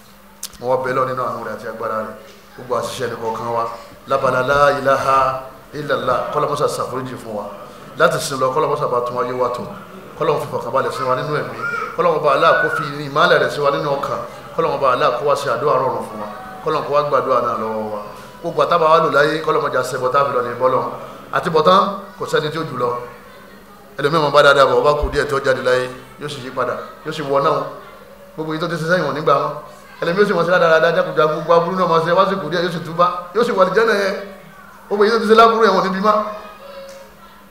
mo wá bẹ́ẹ̀ lọ nínú àánú rẹ̀ àti agbára rẹ̀ gbogbo àṣìṣe ẹnìkọ̀ọ̀kan wa lábalàlá ìlàhà ìlàlá kọ́lọ́mọ́sà ṣàforíjì fún wa láti sin lọ kọ́lọ́mọ́sà bá tún wáyé wa tó kọ́lọ́mọ́ fi fọkànbalẹ̀ sí wa nínú ẹ̀mí kọ́lọ́mọ́ bá aláà kó fi ìmọ̀lẹ̀ rẹ̀ sí wa nínú ọkàn kọ́lọ́mọ́ bá aláà kó wá sí àdúrà rọrùn fún wa kọ́lọ́mọ́ kó wá gbàdúrà náà lọ́wọ́ wa gbogbo àtàbà wa lò láyé kọ́lọ́mọ́jà sẹ́bọ̀tà fi ẹlòmíràn bá dáadáa bọ̀ ọba kù díẹ̀ tó jáde láyé yóò sì yí padà yóò sì wọ náà gbogbo yìí tó ti ṣe sẹ́yìn wọn nígbà wọn ẹlẹ́mi yóò sì wọ́n sí dáadáa jákujá gbogbo aburú náà máa ṣe wá sí kù díẹ̀ yóò sì túbá yóò sì wà lè jẹ́nà yẹn gbogbo yìí tó ti ṣe láburú yẹn wọn níbi má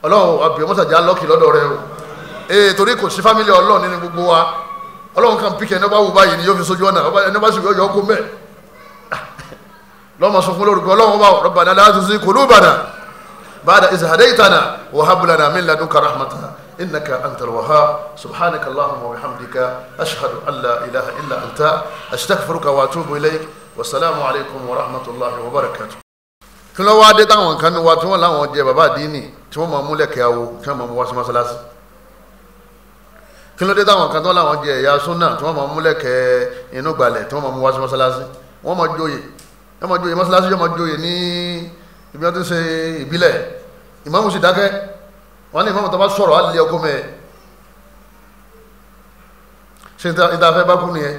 ọlọ́run àbí ọmọsàjà lọ́ọ̀kì lọ́dọ̀ rẹ o ee torí kò sí fámìlì ọlọ́run nínú gbogbo wa ọlọ́run kan píkẹ́ ẹni bá wù báyìí ni yóò fi sojú ọ̀nà ẹni bá sì yọ ọkọ mẹ́ <laughs> lọ́mọ sọ fún lórúkọ ọlọ́run bá rabbana la tuzigh qulubana ba'da idh إنك أنت الوهاب سبحانك اللهم وبحمدك أشهد أن لا إله إلا أنت أستغفرك وأتوب إليك والسلام عليكم ورحمة الله وبركاته kí ló wáá dé táwọn kan ní wa tí wọn láwọn jẹ bàbá àdínì tí wọn máa mú lẹkẹ awo tí wọn máa mú wá sí mọ́sálásí kí ló dé táwọn kan tí wọn láwọn jẹ ẹ̀yà súnà tí wọn máa mú lẹkẹ inú gbalẹ̀ tí wọn máa mú wá sí mọ́sálásí wọn máa joyè wọn máa joyè mọ́sálásí yóò máa joyè ní ibi wọn ti ṣe ìbílẹ̀ ìmáàmù sì dákẹ́ wọn ní ìfọwọ́n tó bá sọ̀rọ̀ á lè ọgọ́mọ ẹ̀ ṣe ìdáfẹ́ bá kú nìyẹn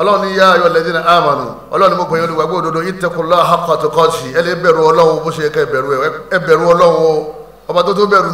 ọlọ́run ní yá ayọ̀ lẹ́dínà àmàlù ọlọ́run mo gbẹ̀yìn olùgbàgbọ́ òdodo ìtẹ̀kùnlá àkàtúkọ̀tì ẹ lè bẹ̀rù ọlọ́run bó ṣe yẹ ká ẹ bẹ̀rù ọlọ́run ọba tó tó bẹ̀rù ní.